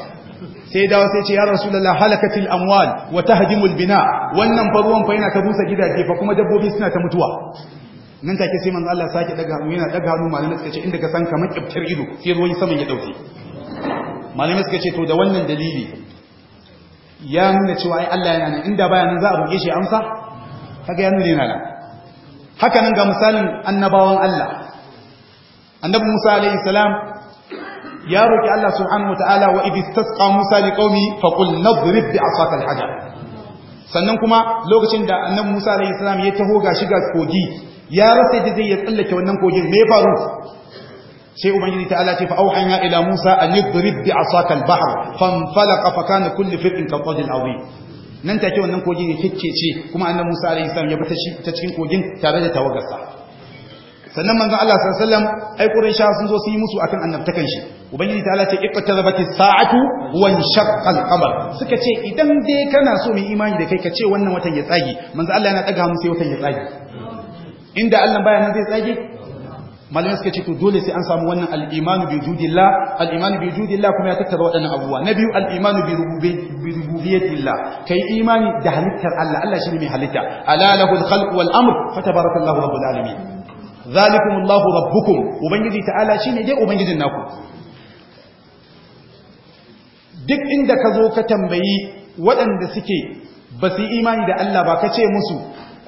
sai dawo sai ce ya rasulullah halakatil amwal wa tahdimul bina wannan fa ruwan fa yana ta busa gidaje fa kuma dabbobi suna ta mutuwa nan take sai manzo Allah sake daga hannu yana daga hannu malamai suka ce inda ka san kamar kiftar ido sai ruwan saman ya dauke malamai suka ce to da wannan dalili ya nuna cewa ai Allah yana nan inda baya za a roke shi amsa kaga ya nuna haka nan ga misalin annabawan Allah annabi Musa alayhi salam ya roki Allah subhanahu wataala wa idh istasqa Musa liqaumi qul nadrib bi asaka alhajar sannan kuma lokacin da annabi Musa alayhi salam ya taho ga shiga kogi ya rasa da zai ya tsallake wannan kogin me faru sai ubangiji ta Allah ce fa auhayna ila Musa an yadrib bi asaka al-bahr fanfalaqa fa kana kullu firqin ka tadil azim nan ce wannan kogin ya kikkece kuma annabi Musa alaihi salam ya bi ta cikin kogin tare da tawagarsa sannan manzon Allah sallallahu alaihi wasallam ai Quraisha sun zo sun yi musu akan annabtakan shi ubangiji ta Allah ce iqtarabati sa'atu wan shaqqa al-qamar suka ce idan dai kana so mu imani da kai ka ce wannan watan ya tsage manzon Allah yana daga mu sai watan ya tsage inda Allah baya nan zai tsage malamai suka ce to dole sai an samu wannan al-imanu bi wujudillah al bi wujudillah kuma ya tattara waɗannan abubuwa na biyu al bi rububiyyatillah kai imani da halittar Allah Allah shine mai halitta ala lahu al-khalq wal amr fa tabarakallahu rabbul alamin zalikum Allahu rabbukum ubangiji ta'ala shine dai ubangijin naku duk inda ka zo ka tambayi waɗanda suke ba su imani da Allah ba ka ce musu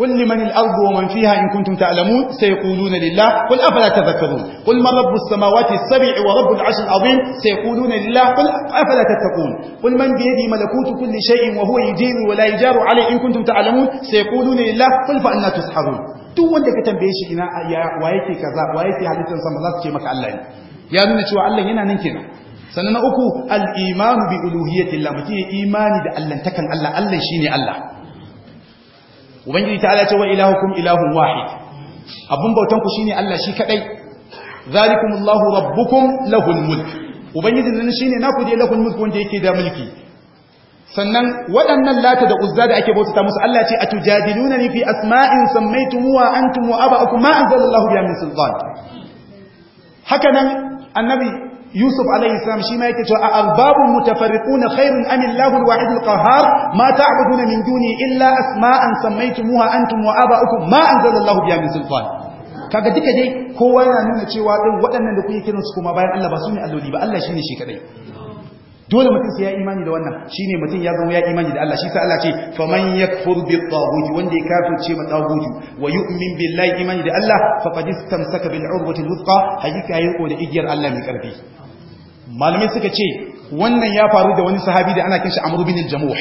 قل لمن الأرض ومن فيها إن كنتم تعلمون سيقولون لله قل أفلا تذكرون قل من رب السماوات السبع ورب العرش العظيم سيقولون لله قل أفلا تتقون قل من بيده ملكوت كل شيء وهو يجير ولا يجار عليه إن كنتم تعلمون سيقولون لله قل فأنا تسحرون duk wanda ka tambaye shi ina wa yake kaza wa yake halittar sama za su ce maka Allah ne ya nuna cewa Allah yana nan kenan sannan na uku al-imanu bi uluhiyyati Allah mutum imani da Allah takan Allah Allah shine Allah ubangiji ta ala ce wa ilahukum ilahun wahid abun bautan ku shine Allah shi kadai zalikumullahu rabbukum lahul mulk ubangiji nan shine naku dai lahul mulk wanda yake da mulki sannan waɗannan lata da uzza da ake bautata musu Allah ce atujadiluna ni fi asma'in sammaytumuha antum wa aba'ukum ma anzalallahu biha min sultan haka nan annabi Yusuf alaihi shi ma yake cewa a arbabun mutafarriquna khairun am Allahu al-wahid al-qahhar ma ta'buduna min duni illa asma'an sammaytumuha antum wa aba'ukum ma anzala Allahu biha min sultan kaga duka dai kowa yana nuna cewa din waɗannan da kuke kiransu kuma bayan Allah ba su ne alloli ba Allah shine shi kadai dole mutum sai ya imani da wannan shine mutum ya zama ya imani da Allah shi sa Allah ce faman yakfur bi taghut wanda ya kafirce ma taghut wa yu'min billahi imani da Allah Fa faqad istamsaka bil urwati al-wuthqa hakika yayi ko da igiyar Allah mai karfi malamai suka ce wannan ya faru da wani sahabi da ana kinshi Amr bin al-Jamuh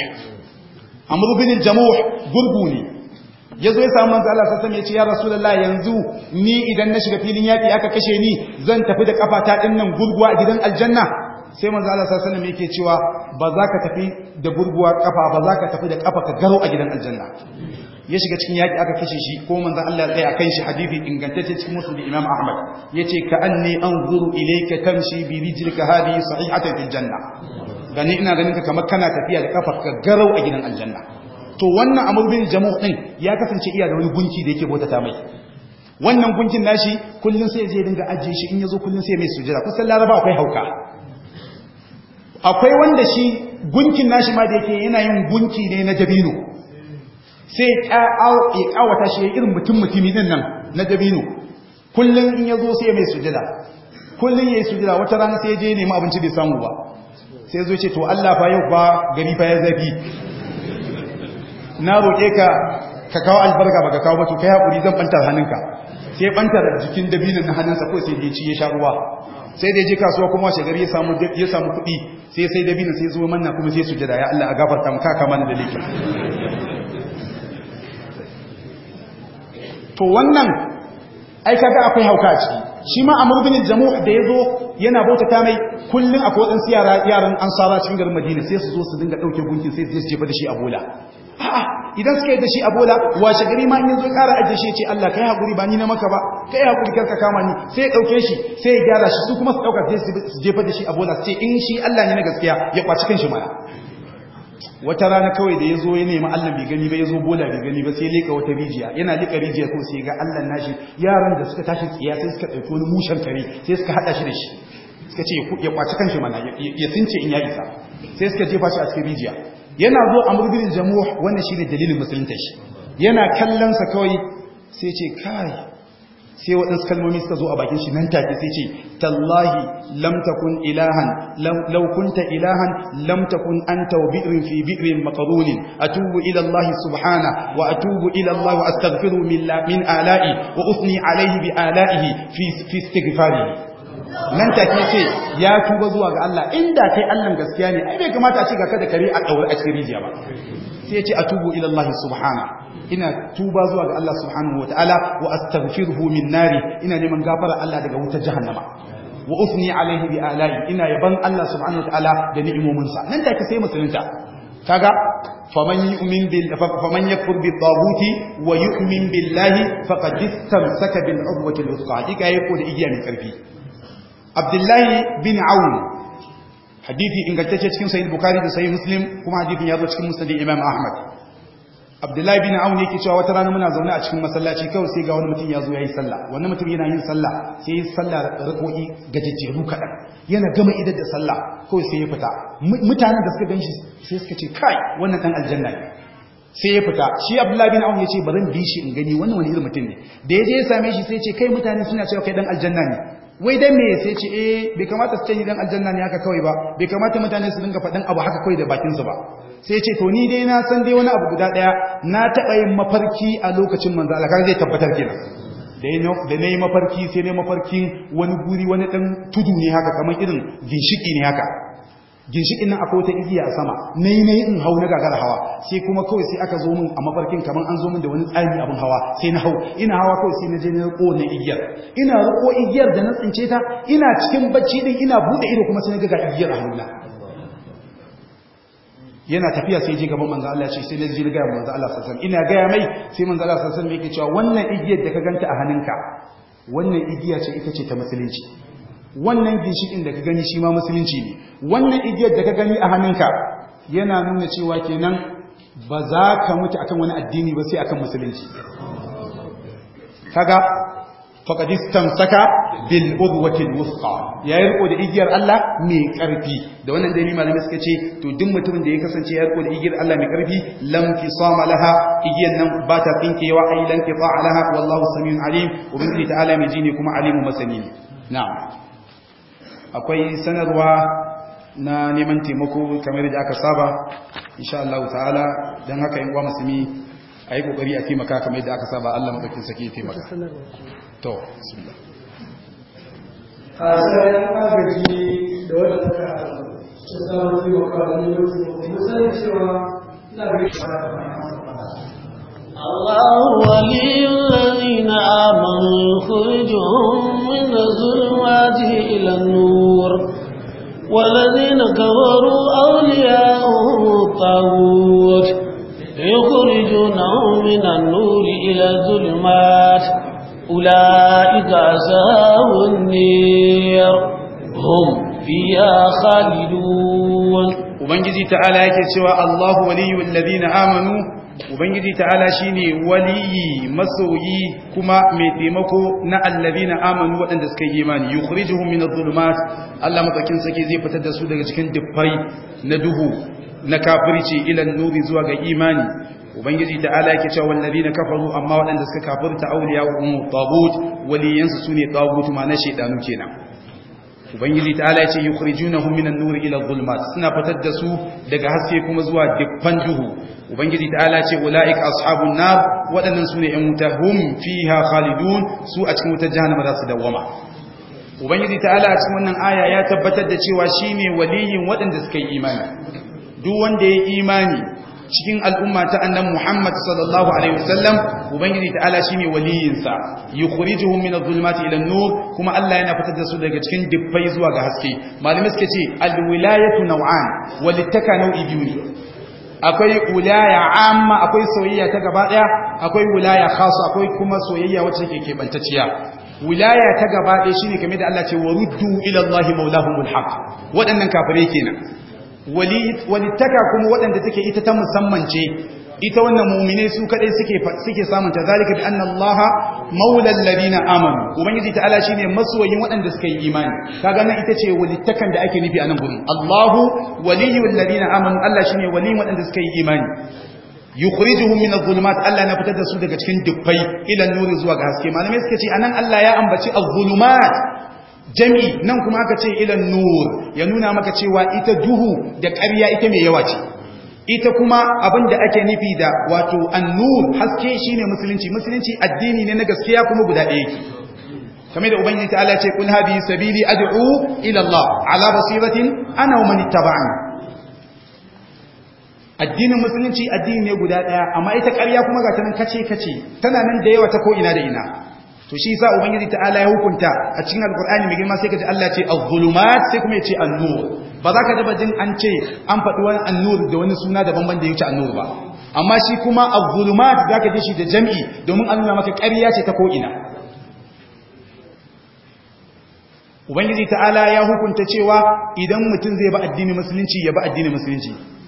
Amr bin jamuh gurgu ne ya zo ya samu manzo Allah sassan ya ce ya Rasulullah yanzu ni idan na shiga filin yaƙi aka kashe ni zan tafi da kafata ɗin nan gurguwa gidan aljanna sai manzo Allah sallallahu alaihi yake cewa ba za ka tafi da gurguwa kafa ba za ka tafi da kafa ka garo a gidan aljanna ya shiga cikin yaki aka kashe shi ko manzo Allah ya akan shi hadisi ingantacce cikin musu da Imam Ahmad yace ka anni anzuru ilayka tamshi bi rijlika hadi sahihatan fil janna gani ina ganin ka kamar kana tafiya da kafa ka garo a gidan aljanna to wannan amur bin jamu' din ya kasance iya da wani gunki da yake ta mai wannan gunkin nashi kullun sai je dinga ajiye shi in yazo kullun sai mai sujada kusan laraba akwai hauka akwai wanda shi gunkin nashi ma da yake yana yin gunki ne na dabino sai ya kawata shi irin mutum mutumi din nan na dabino kullum in ya zo sai mai sujada kullum ya yi sujada wata rana sai ya je nemi abinci bai samu ba sai zo ce to Allah fa yau ba gari fa ya zafi na roƙe ka ka kawo albarka ba ka kawo ba to kai haƙuri zan bantar hannunka sai bantar jikin dabinin na hannunsa ko sai ya ci ya sha ruwa sai dai je kasuwa kuma washe gari ya samu kuɗi sai sai dabino sai zuwa manna kuma sai jada ya Allah a gafarta maka kama da laifin to wannan ai kaga akwai hauka ciki shi ma a murbin jamu' da ya zo yana ta mai kullum a kodin yaran ansara cikin garin Madina sai su zo su dinga dauke gunkin sai su je jefa da shi a bola idan suka yi da shi a bola washe gari ma in yanzu ƙara ajiye shi ce Allah ka yi haƙuri ba ni na maka ba Ka yi haƙuri karka kama ni sai ya ɗauke shi sai ya gyara shi su kuma su ɗauka su jefa da shi a bola sai in shi Allah ne na gaskiya ya kwaci kan shi mana wata rana kawai da ya zo ya nemi Allah bai gani ba ya zo bola bai gani ba sai leka wata rijiya yana leka rijiya ko sai ga Allah nashi yaran da suka tashi tsiya sai suka ɗauki wani mushen kare sai suka haɗa shi da shi suka ce ya kwaci kan shi mana ya tsince in ya isa sai suka jefa shi a cikin rijiya yana zo a murgin jamuwa wannan shine dalilin musulunta shi yana kallonsa kawai sai ce kai sai waɗansu kalmomi suka zo a bakin shi nan take sai ce tallahi lam ilahan Laukunta ilahan lam takun anta fi bi'rin maqrulin atubu ila Allah subhana wa atubu ila Allah wa astaghfiru min ala'i wa uthni alayhi bi ala'ihi fi fi nan take ce ya tuba zuwa ga Allah inda kai Allah gaskiya ne ai bai kamata a ce ga kada kare a daure a cikin rijiya ba sai ya ce atubu ila Allah subhana ina tuba zuwa ga Allah subhanahu wataala wa astaghfiruhu min nari ina neman gafara Allah daga wutar jahannama wa usni alaihi bi alai ina yaban Allah subhanahu wataala da ni'imominsa nan take sai musulunta kaga faman yu'min bil faman yakfur bi taghuti wa yu'min billahi faqad istamsaka bil urwati al-wuthqa dika ko da igiya mai karfi abdullahi bin aun hadithi ingantacce cikin sahih bukhari da sahih muslim kuma hadithin ya zo cikin musnadin imam ahmad abdullahi bin aun yake cewa wata rana muna zaune a cikin masallaci kawai sai ga wani mutum ya zo yayi sallah wani mutum yana yin sallah sai yi sallah rukui gajejjeru kaɗan. yana gama idar da sallah kawai sai ya fita mutanen da suka ganshi sai suka ce kai wannan dan aljanna ne sai ya fita shi abdullahi bin aun yace bari in bi shi in gani wannan wani irin mutum ne da yaje ya same shi sai ya ce kai mutane suna cewa kai dan aljanna ne wai dai me sai ce eh bai kamata su canji dan aljanna ne haka kawai ba bai kamata mutane su dinga faɗin abu haka kawai da bakin su ba sai ce to ni dai na san dai wani abu guda daya na taba yin mafarki a lokacin manzo Allah kan zai tabbatar kenan da na mafarki sai na mafarkin wani guri wani dan tudu ne haka kamar irin ginshiki ne haka ginshikin nan akwai wata igiya a sama na yi na yi in hau na gagar hawa sai kuma kawai sai aka zo min a mafarkin kamar an zo min da wani tsari abin hawa sai na hau ina hawa kawai sai na je na riko na igiyar ina riko igiyar da na tsince ta ina cikin bacci din ina buɗe ido kuma sai na ga igiyar a hannuna yana tafiya sai je gaban manzo Allah ce sai na je ga manzo Allah sallallahu alaihi ina ga mai sai manzo Allah sallallahu alaihi wasallam yake cewa wannan igiyar da ka ganta a hannunka wannan igiya ce ita ce ta musulunci wannan ginshikin da ka gani shi ma musulunci ne wannan igiyar da ka gani a hannunka yana nuna cewa kenan ba za ka mutu akan wani addini ba sai akan musulunci kaga faqadistan saka bil udwatil wuthqa ya riko da igiyar Allah mai karfi da wannan dai malami suka ce to duk mutumin da ya kasance ya riko da igiyar Allah mai karfi lam sama laha igiyar nan ba ta tsinkewa ai lan qita laha wallahu samiyun alim ubangiji ta'ala mai jini kuma alimu masani na'am akwai sanarwa na neman taimako kamar da aka saba insha Allah ta'ala dan haka in uwa musulmi ayi kokari a taimaka kamar da aka saba Allah madaukin sake taimaka to bismillah a sai ka gaji da wannan ta ta samu taimaka da yau yau ko sai cewa ina ga الله ولي الذين آمنوا يخرجهم من الظلمات إلى النور والذين كفروا أولياءهم الطاغوت يخرجونهم من النور إلى الظلمات أولئك أصحاب النير هم فيها خالدون وبنجزي تعالى يكي سوى الله ولي الذين آمنوا ubangiji ta'ala shine waliyi masoyi kuma mai taimako na allazina amanu waɗanda suka yi imani yukhrijuhum min adh-dhulumat Allah matsakin sake zai fitar da su daga cikin dubbai na duhu na kafirci ila nuri zuwa ga imani ubangiji ta'ala yake cewa wallazina kafaru amma waɗanda suka kafirta awliya wa umu tagut su sune tagut ma na kenan ubangiji ta'ala yace yukhrijunahum min an-nur ila adh-dhulumat suna fitar da su daga haske kuma zuwa dukkan duhu ubangiji ta'ala ce ulaik ashabun nar waɗannan sune 'yan wuta hum fiha khalidun su a cikin wutar jahannama za su dawwama ubangiji ta'ala a cikin wannan aya ya tabbatar da cewa shi ne waliyin waɗanda suka yi imani duk wanda ya imani cikin al'umma ta annan Muhammad sallallahu Alaihi wasallam, Ubangiji ta'ala shi ne waliyinsa, yi kuri jihun mina zulmati ilan nur kuma Allah yana fitar da su daga cikin dubbai zuwa ga haske. Malamai suka ce, wilayatu nau'an, walittaka nau'i biyu akwai wilaya amma akwai soyayya ta gaba daya akwai wilaya khasa akwai kuma soyayya wacce yake kebantacciya wilaya ta gaba daya shine kamar da Allah ce waruddu ila Allahi maulahumul haq wadannan kafirai kenan wali walittaka kuma waɗanda take ita ta musamman ce ita wannan mu'mine su kadai suke suke samun ta zalika bi anna Allah maulal ladina amanu ubangiji ta'ala shine masoyin waɗanda suka yi imani kaga nan ita ce walittakan da ake nufi a nan gurin Allahu waliyul ladina amanu Allah shine waliyin waɗanda suka yi imani yukhrijuhum min adh-dhulumat Allah na fitar da su daga cikin dubbai ila nuri zuwa ga haske malamai suka ce anan Allah ya ambaci adh-dhulumat jami nan kuma aka ce ila nur ya nuna maka cewa ita duhu da ƙarya ita mai yawa ce ita kuma abin da ake nufi da wato annur haske shi ne musulunci musulunci addini ne na gaskiya kuma guda ɗaya ke kamar da ubangiji ta'ala ce kun habi sabili ad'u ila Allah ala basiratin ana wa man addinin musulunci addini ne guda ɗaya amma ita ƙarya kuma ga ta nan kace kace tana nan da yawa ta ko ina da ina to shi yasa ubangiji ta'ala ya hukunta a cikin alqur'ani mai girma sai ka ji Allah ce az-zulumat sai kuma ya ce an-nur ba za ka taba jin an ce an faɗi wani an-nur da wani suna daban ban da ya ce an-nur ba amma shi kuma az-zulumat za ka ji shi da jami'i domin an nuna maka ƙarya ce ta ko'ina ubangiji ta'ala ya hukunta cewa idan mutum zai ba addinin musulunci ya ba addinin musulunci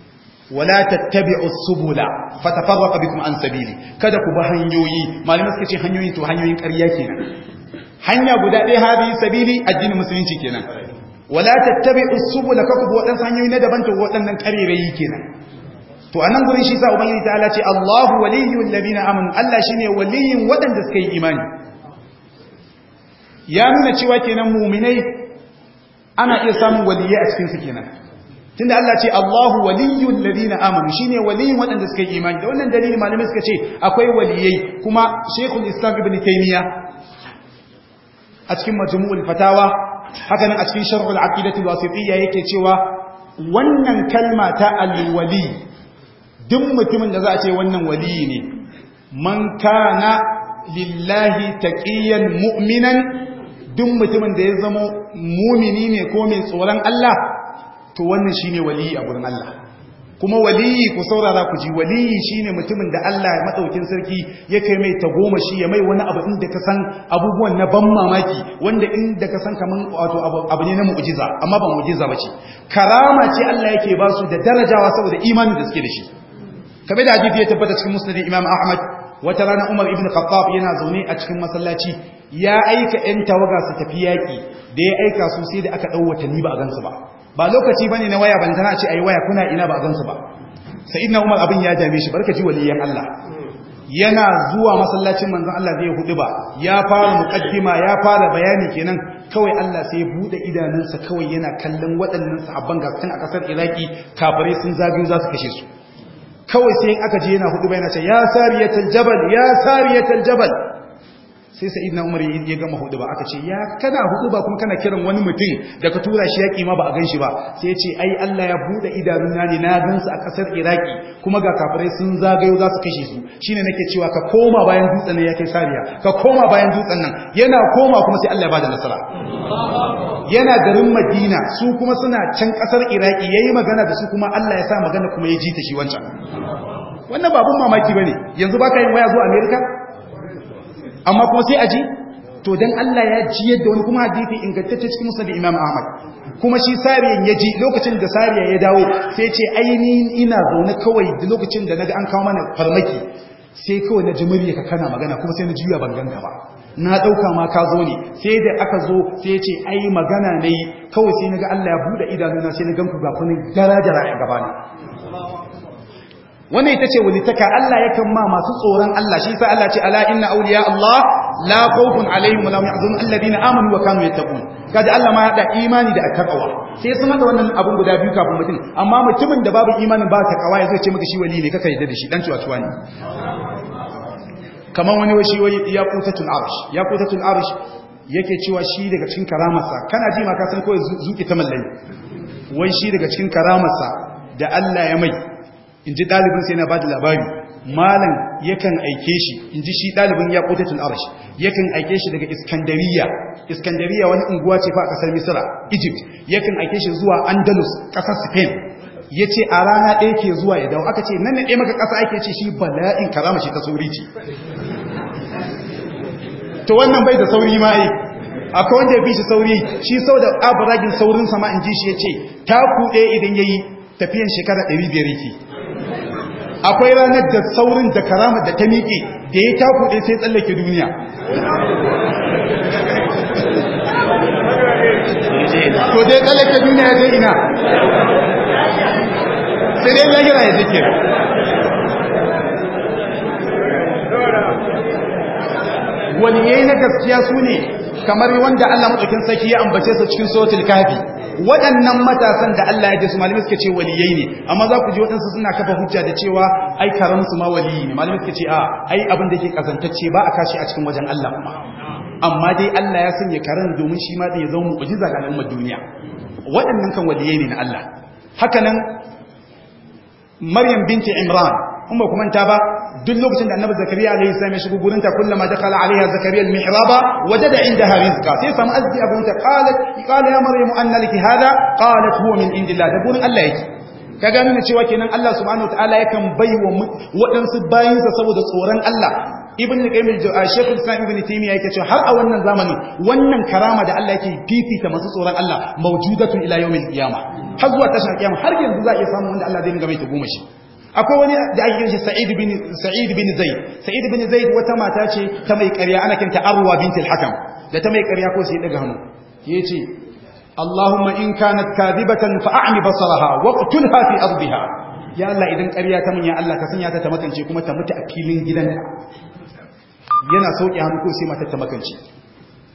wala tattabi'u subula fatafarraqa bikum an sabili kada ku ba hanyoyi malamai suka ce hanyoyi to hanyoyin ƙarya kenan hanya guda ɗaya habi sabili addinin musulunci kenan wala tattabi'u subula kaku waɗansu hanyoyi na daban to waɗannan ƙarerayi kenan to anan gurin shi sa ubangiji ta'ala ce Allahu waliyyul ladina amanu Allah shine waliyin waɗanda suka yi imani ya nuna cewa kenan mu'minai ana iya samun waliyyi a cikin su kenan tunda Allah ce Allahu waliyyul ladina amanu shine waliyin waɗanda suka yi imani da wannan dalili malamai suka ce akwai waliyai kuma Sheikhul Islam Ibn Taymiyyah a cikin Majmu'ul Fatawa haka nan a cikin Sharhul Aqidati Wasitiyya yake cewa wannan kalma ta al-wali duk mutumin da za a ce wannan waliyi ne man kana lillahi taqiyan mu'minan duk mutumin da ya zama mumini ne ko mai tsoron Allah to wannan shine waliyi a gurin Allah kuma waliyi ku saurara ku ji waliyi shine mutumin da Allah madaukin sarki ya kai mai tagomashi ya mai wani abu inda ka san abubuwan na ban mamaki wanda inda ka san kaman wato abu ne na mu'jiza amma ba mu'jiza bace karama ce Allah yake ba su da darajawa saboda imanin da suke da shi kamar da hadisi ya tabbata cikin musnad Imam Ahmad wata rana Umar ibn Khattab yana zaune a cikin masallaci ya aika 'yan tawaga su tafi yaki da ya aika su sai da aka dau watanni ba a gansu ba ba lokaci bane na waya tana ce yi waya kuna ina ba su ba sayyidina umar abin ya dame shi barka ji waliyan Allah yana zuwa masallacin manzon Allah zai hudu ba ya fara muqaddima ya fara bayani kenan kawai Allah sai ya bude idanunsa kawai yana kallon waɗannan sahabban gaskan a kasar Iraki kafirai sun zagayo za su kashe su kawai sai aka je yana hudu ba yana ce ya sariyatul jabal ya sariyatul jabal sai sa'id na umar ya gama hudu ba aka ce ya kana hudu ba kuma kana kiran wani mutum da ka tura shi yaƙi ma ba a gan shi ba sai ce ai Allah ya buɗe idanuna ne na gan su a ƙasar iraki kuma ga kafirai sun zagayo za su kashe su shine nake cewa ka koma bayan dutsen nan ya kai sariya ka koma bayan dutsen nan yana koma kuma sai Allah ya bada nasara yana garin madina su kuma suna can ƙasar iraki yayi magana da su kuma Allah ya sa magana kuma ya ji ta shi wancan wannan babun mamaki bane yanzu baka yin waya zuwa america amma kuma sai a ji to dan Allah ya ji yadda wani kuma hadisi ingantacce cikin da Imam Ahmad kuma shi sariyan ya ji lokacin da sariya ya dawo sai ce ainihin ina zaune kawai da lokacin da naga an kawo mana farmaki sai kawai na ji murya ka kana magana kuma sai na juya ban ganka ba na dauka ma ka zo ne sai da aka zo sai ce ai magana ne kawai sai naga Allah ya bude idanuna sai na ganku ga dara daraja a gaba ne wannan ita ce walitaka Allah yakan ma masu tsoron Allah shi sa Allah ce ala inna awliya Allah la khawfun alaihim wa la hum yahzanun alladhina amanu wa kanu yattaqun kaji Allah ma hada imani da takawa sai sun hada wannan abun guda biyu kafin mutum amma mutumin da babu imanin ba takawa ya zai ce maka shi wali ne kaka yadda da shi dan ciwa ciwa ne kamar wani washi ya kutatul arsh ya kutatul arsh yake cewa shi daga cikin karamarsa kana ji ma ka san ko zuki ta mallai wai shi daga cikin karamarsa da Allah ya mai in ji dalibin yana ba da labari malam yakan aike shi in ji shi ɗalibin ya ƙotatul yakan aike shi daga iskandariya iskandariya wani unguwa ce fa a ƙasar misira egypt yakan aike shi zuwa andalus ƙasar spain ya ce a rana ɗaya ke zuwa ya dawo aka ce nan ɗaya maka ƙasa ake ce shi bala'in karama shi ta sauri ce to wannan bai da sauri ma yi akwai wanda ya fi shi sauri shi sau da abaragin saurin sama in ji shi ya ce ta kuɗe idan ya yi tafiyan shekara biyar yake akwai ranar da saurin da karama da ta miƙe da ya takuɗe sai tsallake duniya to dai tsallake duniya ya ina sai dai lahira ya jike wani yayi na gaskiya su ne kamar wanda Allah madaukin sarki ya ambace su cikin suratul kahfi waɗannan matasan da Allah ya su malami suka ce waliyai ne amma za ku ji waɗansu suna kafa hujja da cewa ai karamsu ma waliyi ne malami suka ce a ai abin da yake kazantacce ba a kashi a cikin wajen Allah kuma amma dai Allah ya sanya karan domin shi ma da ya zama mu'jiza ga al'ummar duniya waɗannan kan waliyai ne na Allah haka nan Maryam binti Imran kuma kuma ta ba duk lokacin da annabi zakariya alaihi salam ya shigo gurin ta kullama dakhala alaiha zakariya almihraba wajada indaha rizqa sai samu azzi abun ta qalat qala ya maryam anna laki hada qalat huwa min indillah da gurin Allah yake ka gano cewa kenan Allah subhanahu wataala yakan baiwa waɗansu sa saboda tsoron Allah ibn al-qayyim al-shaykh al-islam ibn taymiya yake cewa har a wannan zamanin wannan karama da Allah yake fifita masu tsoron Allah mawjudatun ila yawmil qiyamah har zuwa tashin kiyama har yanzu za a iya samun wanda Allah zai dinga mai ta goma shi akwai wani da ake kiran Sa'id bin Sa'id bin Zaid Sa'id bin Zaid wata mata ce ta mai ƙarya ana kinta Arwa bint al-Hakam da ta mai ƙarya ko sai daga hannu yace Allahumma in kanat kadhibatan fa'ami basaraha waqtulha fi ardiha ya Allah idan ƙarya ta mun ya Allah ka sanya ta ta makance kuma ta mutu a filin gidanka yana sauki hannu ko sai mata ta makance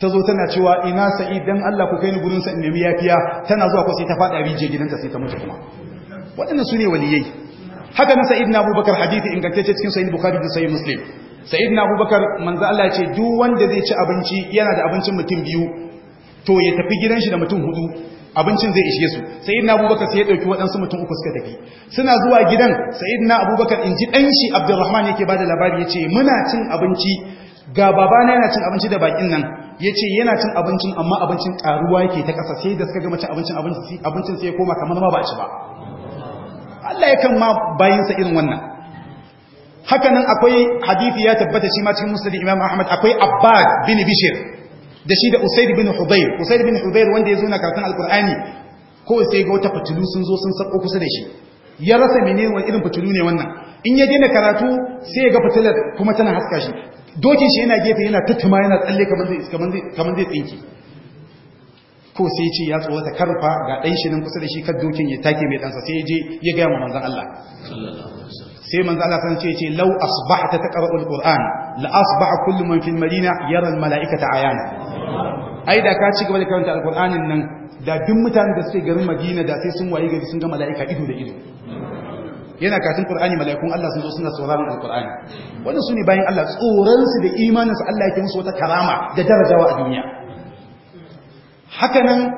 ta zo tana cewa ina Sa'id dan Allah ku kai ni gurin sa in nemi yafiya tana zuwa ko sai ta fada rije gidanka sai ta mutu kuma waɗannan su ne waliyai haka na sa'id na abubakar hadithi ingantacce cikin sahih bukhari da sahih muslim sa'id na abubakar manzo Allah ce duk wanda zai ci abinci yana da abincin mutum biyu to ya tafi gidan shi da mutum hudu abincin zai ishe su sa'id na abubakar sai ya dauki waɗansu mutum uku suka tafi suna zuwa gidan sa'id na abubakar in ji ɗan shi abdurrahman yake bada labari ya ce muna cin abinci ga babana yana cin abinci da bakin nan ya ce yana cin abincin amma abincin ƙaruwa yake ta ƙasa sai da suka gama cin abincin abincin sai ya koma kamar ma ba ci ba Allah ya kan ma bayinsa irin wannan hakanan akwai hadisi ya tabbata shi ma cikin musulun Imam Ahmad akwai Abbad bin bishir da shi da Usaid bin Hudayr Usaid bin Hudayr wanda ya zo na karatun Alqur'ani ko sai ga wata fitilu sun zo sun sako kusa da shi ya rasa menene wani irin fitilu ne wannan in ya daina karatu sai ya ga fitilar kuma tana haska shi dokin shi yana gefe yana tattuma yana tsalle kamar kaman zai tsinki ko sai ce ya tsorata karfa ga ɗan shi nan kusa da shi kan dokin ya take mai ɗansa sai je ya gaya wa manzan Allah sai manzan Allah san ce ce lau asbahta taqra'u alquran la asbaha kullu man fil madina yara almalaikata ayana ai da ka ci gaba da karanta alquranin nan da duk mutanen da suke garin Madina da sai sun wayi gari sun ga malaika ido da ido yana katin qur'ani malaikun Allah sun zo suna sauraron alqur'ani wannan ne bayan Allah tsoron su da imanin su Allah yake musu wata karama da darajawa a duniya hakanan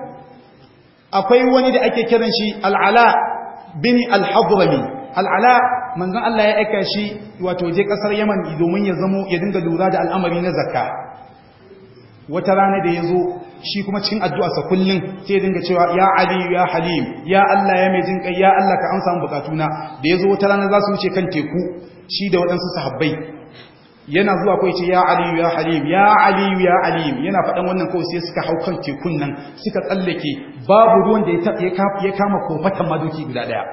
akwai wani da ake kiran shi al'ala bin al-hadrami al'ala manzon Allah ya aika shi wato je kasar Yaman domin ya zamo ya dinga lura da al'amari na zakka wata rana da yazo shi kuma cikin sa kullum sai ya dinga cewa ya aliyu ya halim ya Allah ya mai jinkai ya Allah ka amsa mu bukatuna da yazo wata rana za su wuce kan teku shi da wadansu sahabbai yana zuwa kawai ce ya aliyu ya halim ya aliyu ya yana faɗan wannan kawai sai suka hau kan tekun nan suka tsallake babu ruwan da ya kama kofatan madoki guda ɗaya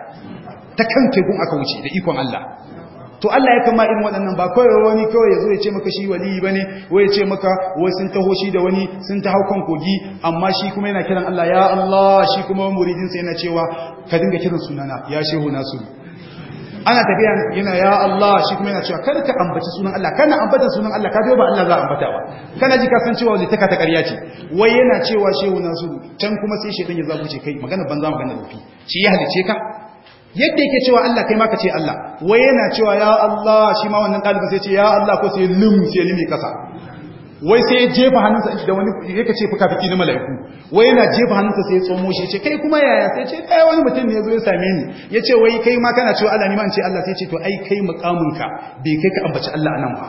ta kan tekun aka wuce da ikon Allah to Allah ya kama irin waɗannan ba kawai wani kawai ya zo ya ce maka shi wali ba ne wai ya ce maka wai sun taho shi da wani sun ta haukan kogi amma shi kuma yana kiran Allah ya Allah shi kuma muridinsa yana cewa ka dinga kiran sunana ya shehu nasu ana tafiya yana ya Allah shi kuma yana cewa kada ka ambaci sunan Allah kana ambata sunan Allah ka ba Allah za a ambata ba kana ji ka san cewa wani taka ta ƙarya ce wai yana cewa shehu nasu can kuma sai shedan ya zabuce kai magana banza magana rufi shi ya halice ka yadda yake cewa Allah kai ma ka ce Allah wai yana cewa ya Allah shi ma wannan ɗalibin sai ce ya Allah ko sai lum sai limi kasa wai sai ya jefa hannunsa da wani yake ce fuka-fuki na mala'iku wai yana jefa hannunsa sai ya tsomo shi ce kai kuma yaya sai ce kai wani mutum ne ya zo ya same ni ya ce wai kai ma kana cewa Allah ne ma in ce Allah sai ce to ai kai ka bai kai ka ambaci Allah anan ba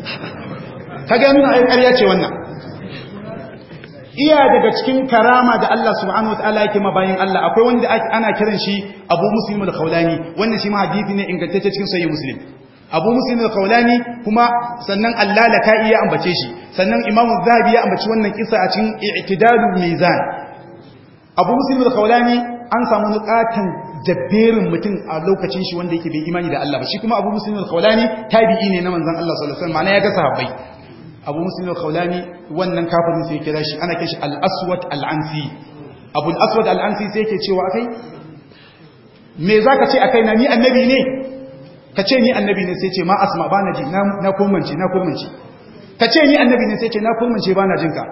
ka ga nuna ai ƙarya ce wannan iya daga cikin karama da Allah subhanahu wataala yake ma bayin Allah akwai wanda ana kiran shi Abu Muslim al-Khawlani wannan shi ma hadisi ne ingantacce cikin sahih Muslim abu muslim al-qawlani kuma sannan allalaka'i ya ambace shi sannan imamu zahabi ya ambaci wannan kisa a cikin i'tidalul mizan abu muslim al-qawlani an samu nukatan jabberin mutum a lokacin shi wanda yake bin imani da Allah ba shi kuma abu muslim al-qawlani tabi'i ne na manzan Allah sallallahu alaihi wasallam ma'ana ya ga sahabbai abu muslim al-qawlani wannan kafirin sai kira shi ana kishi al-aswad al-ansi abu al-aswad al-ansi sai yake cewa akai me zaka ce akai na ni annabi ne ka ce ni annabi ne sai ce ma asma ba na ji na kurmance na kurmance ka ce ni annabi ne sai ce na komanci ba na jinka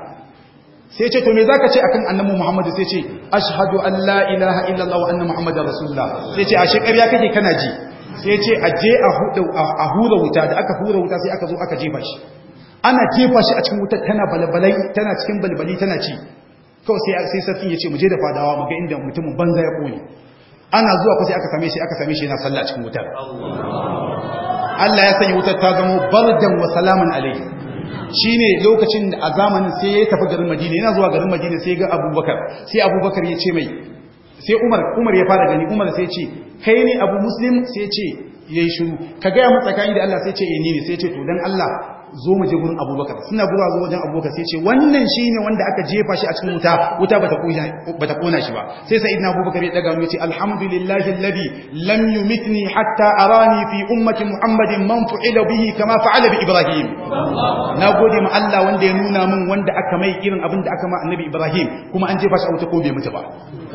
sai ce to me za ka ce akan annabi Muhammadu sai ce ashhadu an la ilaha illallah wa anna muhammadar rasulullah sai ce ashe ƙarya kake kana ji sai ce a je a hura wuta da aka hura wuta sai aka zo aka jefa shi ana jefa shi a cikin wutar tana balbalai tana cikin balbali tana ci kawai sai sai sarkin ya ce mu je da fadawa mu ga inda mutumin banza ya kone ana zuwa kusa aka same shi aka same shi yana sallah cikin wutar Allah ya sanya wutar ta zama bardan wa salaman alayhi shine lokacin da a zamanin sai ya tafi garin Madina yana zuwa garin Madina sai ga Abubakar sai Abubakar ya ce mai sai Umar Umar ya fara gani Umar sai ya ce kai ne Abu Muslim sai ya ce yayi shiru ka ga mu tsakani da Allah sai ya ce eh ni ne sai ya ce to dan Allah zo mu je gurin abubakar suna zuwa zo wajen abubakar sai ce wannan shi ne wanda aka jefa shi a cikin wuta wuta ba ta kona shi ba sai sai na abubakar ya daga mace alhamdulillahi alladhi lam yumitni hatta arani fi ummati muhammadin man fu'ila bihi kama fa'ala bi ibrahim na gode ma Allah wanda ya nuna min wanda aka mai irin abin da aka ma annabi ibrahim kuma an jefa shi a wuta ko bai mutu ba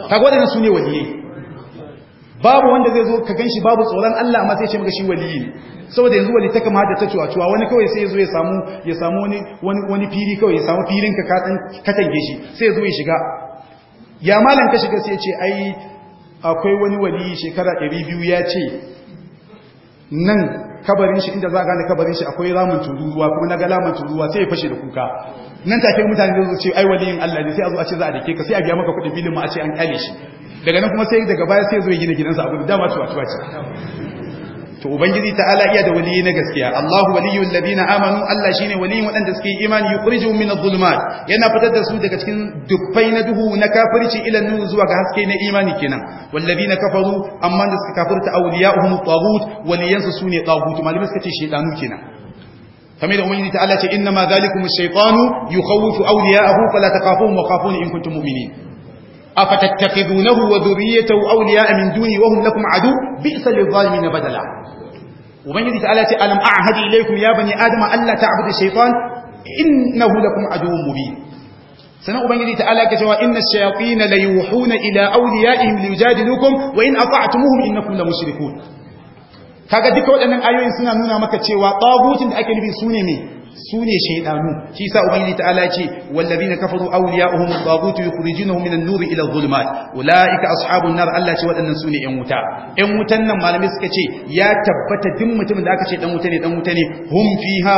kaga wadannan sune waliyai babu wanda zai zo ka ganshi babu tsoron Allah amma sai ya ce maka shi waliyi ne saboda yanzu wali ta kama da ta cewa cewa wani kawai sai ya zo ya samu ya samu wani wani fili kawai ya samu filin ka ka tange shi sai ya zo ya shiga ya malam ka shiga sai ya ce ai akwai wani waliyi shekara 200 ya ce nan kabarin shi inda za a gane kabarin shi akwai ramin tururuwa kuma na ga ramin tururuwa sai ya fashe da kuka nan take mutane zai ce ai waliyin Allah ne sai a zo a ce za a dake ka sai a biya maka kuɗin filin ma a ce an kale shi daga nan kuma sai daga baya sai zo ya gina gidansa abu dama tuwa tuwa ce to ubangiji ta'ala iya da waliyi na gaskiya Allahu waliyul ladina amanu Allah shine waliyin wadanda suke imani yukhrijuhum minadh dhulumat yana fitar da su daga cikin dubbai na duhu na kafirci ila nur zuwa ga haske na imani kenan wal ladina kafaru amma da suka kafirta awliya'uhum taghut waliyansu sune taghut malamai suka ce shedanu kenan kamar da ubangiji ta'ala ce inna ma dhalikum ash-shaytanu yukhawwifu awliya'ahu fala taqafuhum wa khafuni in kuntum mu'minin أفتتخذونه وذريته أولياء من دوني وهم لكم عدو بئس للظالمين بدلا وبنجد تعالى ألم أعهد إليكم يا بني آدم ألا تعبد الشيطان إنه لكم عدو مبين سنة أبنجد تعالى كتوى إن الشياطين ليوحون إلى أوليائهم ليجادلوكم وإن أطعتموهم إنكم لمشركون kaga duka waɗannan ayoyin suna nuna maka cewa tsagutin da ake nufi su ne su ne shaidanu shi sa ubangiji ta'ala ce na kafaru awliya'uhum al-taghut yukhrijunahum min an-nur ila adh-dhulumat ulaika ashabun nar Allah ce waɗannan su ne wuta Yan wutan nan malamai suka ce ya tabbata duk mutumin da aka ce dan wuta ne dan wuta ne hum fiha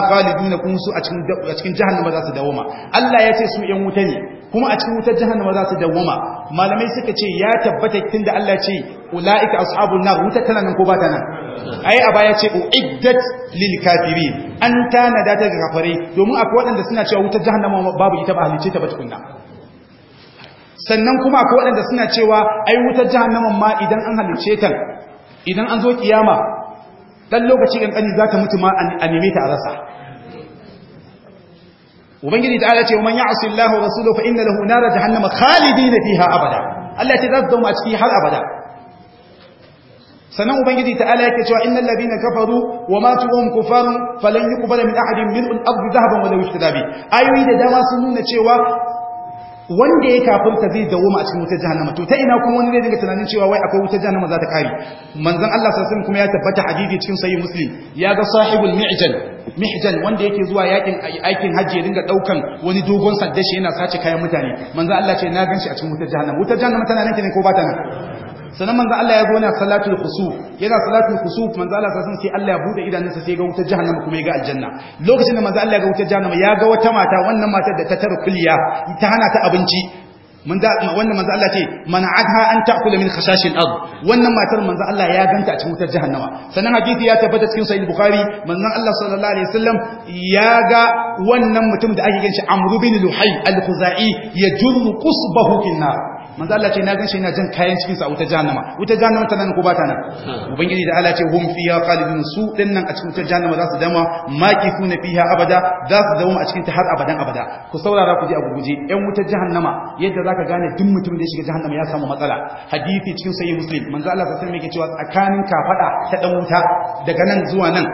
na kun su a cikin a cikin jahannama za su dawoma Allah ya ce su 'yan wuta ne kuma a cikin wutar jahannama za su dawwama malamai suka ce ya tabbata da Allah ce ulaika ashabul nar wutar tana nan ko ba ta nan ai a baya ce uiddat lil kafirin an tanada ta ga kafare domin akwai waɗanda suna cewa wutar jahannama babu ita ba halice ta ba tukunna sannan kuma akwai waɗanda suna cewa ai wutar jahannama ma idan an halice ta idan an zo kiyama dan lokaci kankani za ta mutu ma a nemeta a rasa ubangiji ta ce man ya'si Allah wa rasuluhu fa inna lahu nara jahannama khalidina fiha abada Allah ce za su zauna a ciki har abada sannan ubangiji ta ala yake cewa innal ladina kafaru wa matu hum kufar falan yuqbala min ahadin min al-ardi dhahaban wa law ishtada bi ayoyi da dama sun nuna cewa wanda ya kafirta zai dawoma a cikin wutar jahannama to ta ina kuma wani zai dinga tunanin cewa wai akwai wutar jahannama za ta kare manzon Allah sallallahu alaihi kuma ya tabbata hadisi cikin sahih muslim ya ga sahibul mi'jal mihjan wanda yake zuwa yakin aikin hajji ya dinga daukan wani dogon shi yana sace kayan mutane manzo Allah ce na ganshi a cikin wutar jahannam wutar jahannam tana nan ne ko ba ta nan sanan manzo Allah ya zo yana salatul khusuf yana salatul khusuf manzo Allah sasan sai Allah ya bude sa sai ga wutar jahannama kuma ya ga aljanna lokacin da manzo Allah ya ga wutar jahannama ya ga wata mata wannan matar da ta tarkuliya ta hana ta abinci Wannan manzo Allah ce mana'atha an ta'kula min khashashil ard wannan matar manzo Allah ya ganta a cikin wutar jahannama sannan hadisi ya tabbata cikin sahih bukhari manzon Allah sallallahu alaihi wasallam ya ga wannan mutum da ake ganin shi amru bin luhay al-khuzai yajurru qusbahu fin nar manzo Allah ce na ganshi ina jin kayan cikin sa wuta jahannama wuta jahannama tana nan ko ba ta nan ubangiji da Allah ce hum fiha khalidun su dinnan a cikin wuta jahannama za su dama maki suna fiha abada za su zama a cikin ta har abadan abada ku saurara ku ji abu gurguje ɗan wuta jahannama yadda zaka gane duk mutum da ya shiga jahannama ya samu matsala hadisi cikin sahih muslim manzo Allah sai alaihi wasallam yake cewa tsakanin kafada ta dan wuta daga nan zuwa nan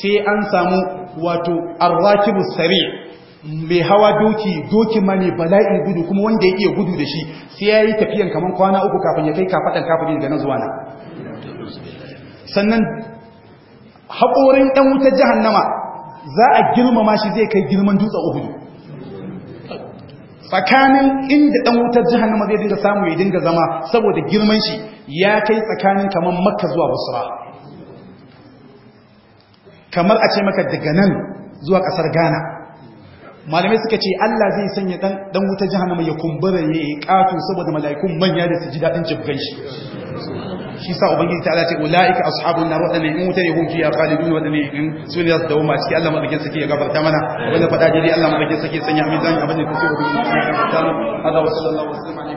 sai an samu wato arrakibus sari mai hawa doki doki ma ne bala'in gudu kuma wanda ya iya gudu da shi sai ya yi tafiyan kaman kwana uku kafin ya kai kafaɗan kafirin da na zuwa na sannan haƙorin ɗan wutar jahannama za a girmama shi zai kai girman dutsen uhudu tsakanin inda ɗan wutar jahannama zai dinga samu ya dinga zama saboda girman shi ya kai tsakanin kamar makka zuwa basra kamar a ce maka daga nan zuwa ƙasar ghana malamai suka ce Allah zai sanya dan wuta jahannama ya kumbura ya yi katu saboda mala'ikun manya da su ji daɗin jibgan shi shi sa ubangiji ta Allah ce ulaika ashabun nar wadanda in wuta yahum fiha khalidun wadanda in sun yas da umma ciki Allah madaukin sake ya gabarta mana wanda fada dai Allah madaukin sake sanya amin dan abin da kuke rubuta a cikin Allah hada wa sallallahu alaihi wa sallam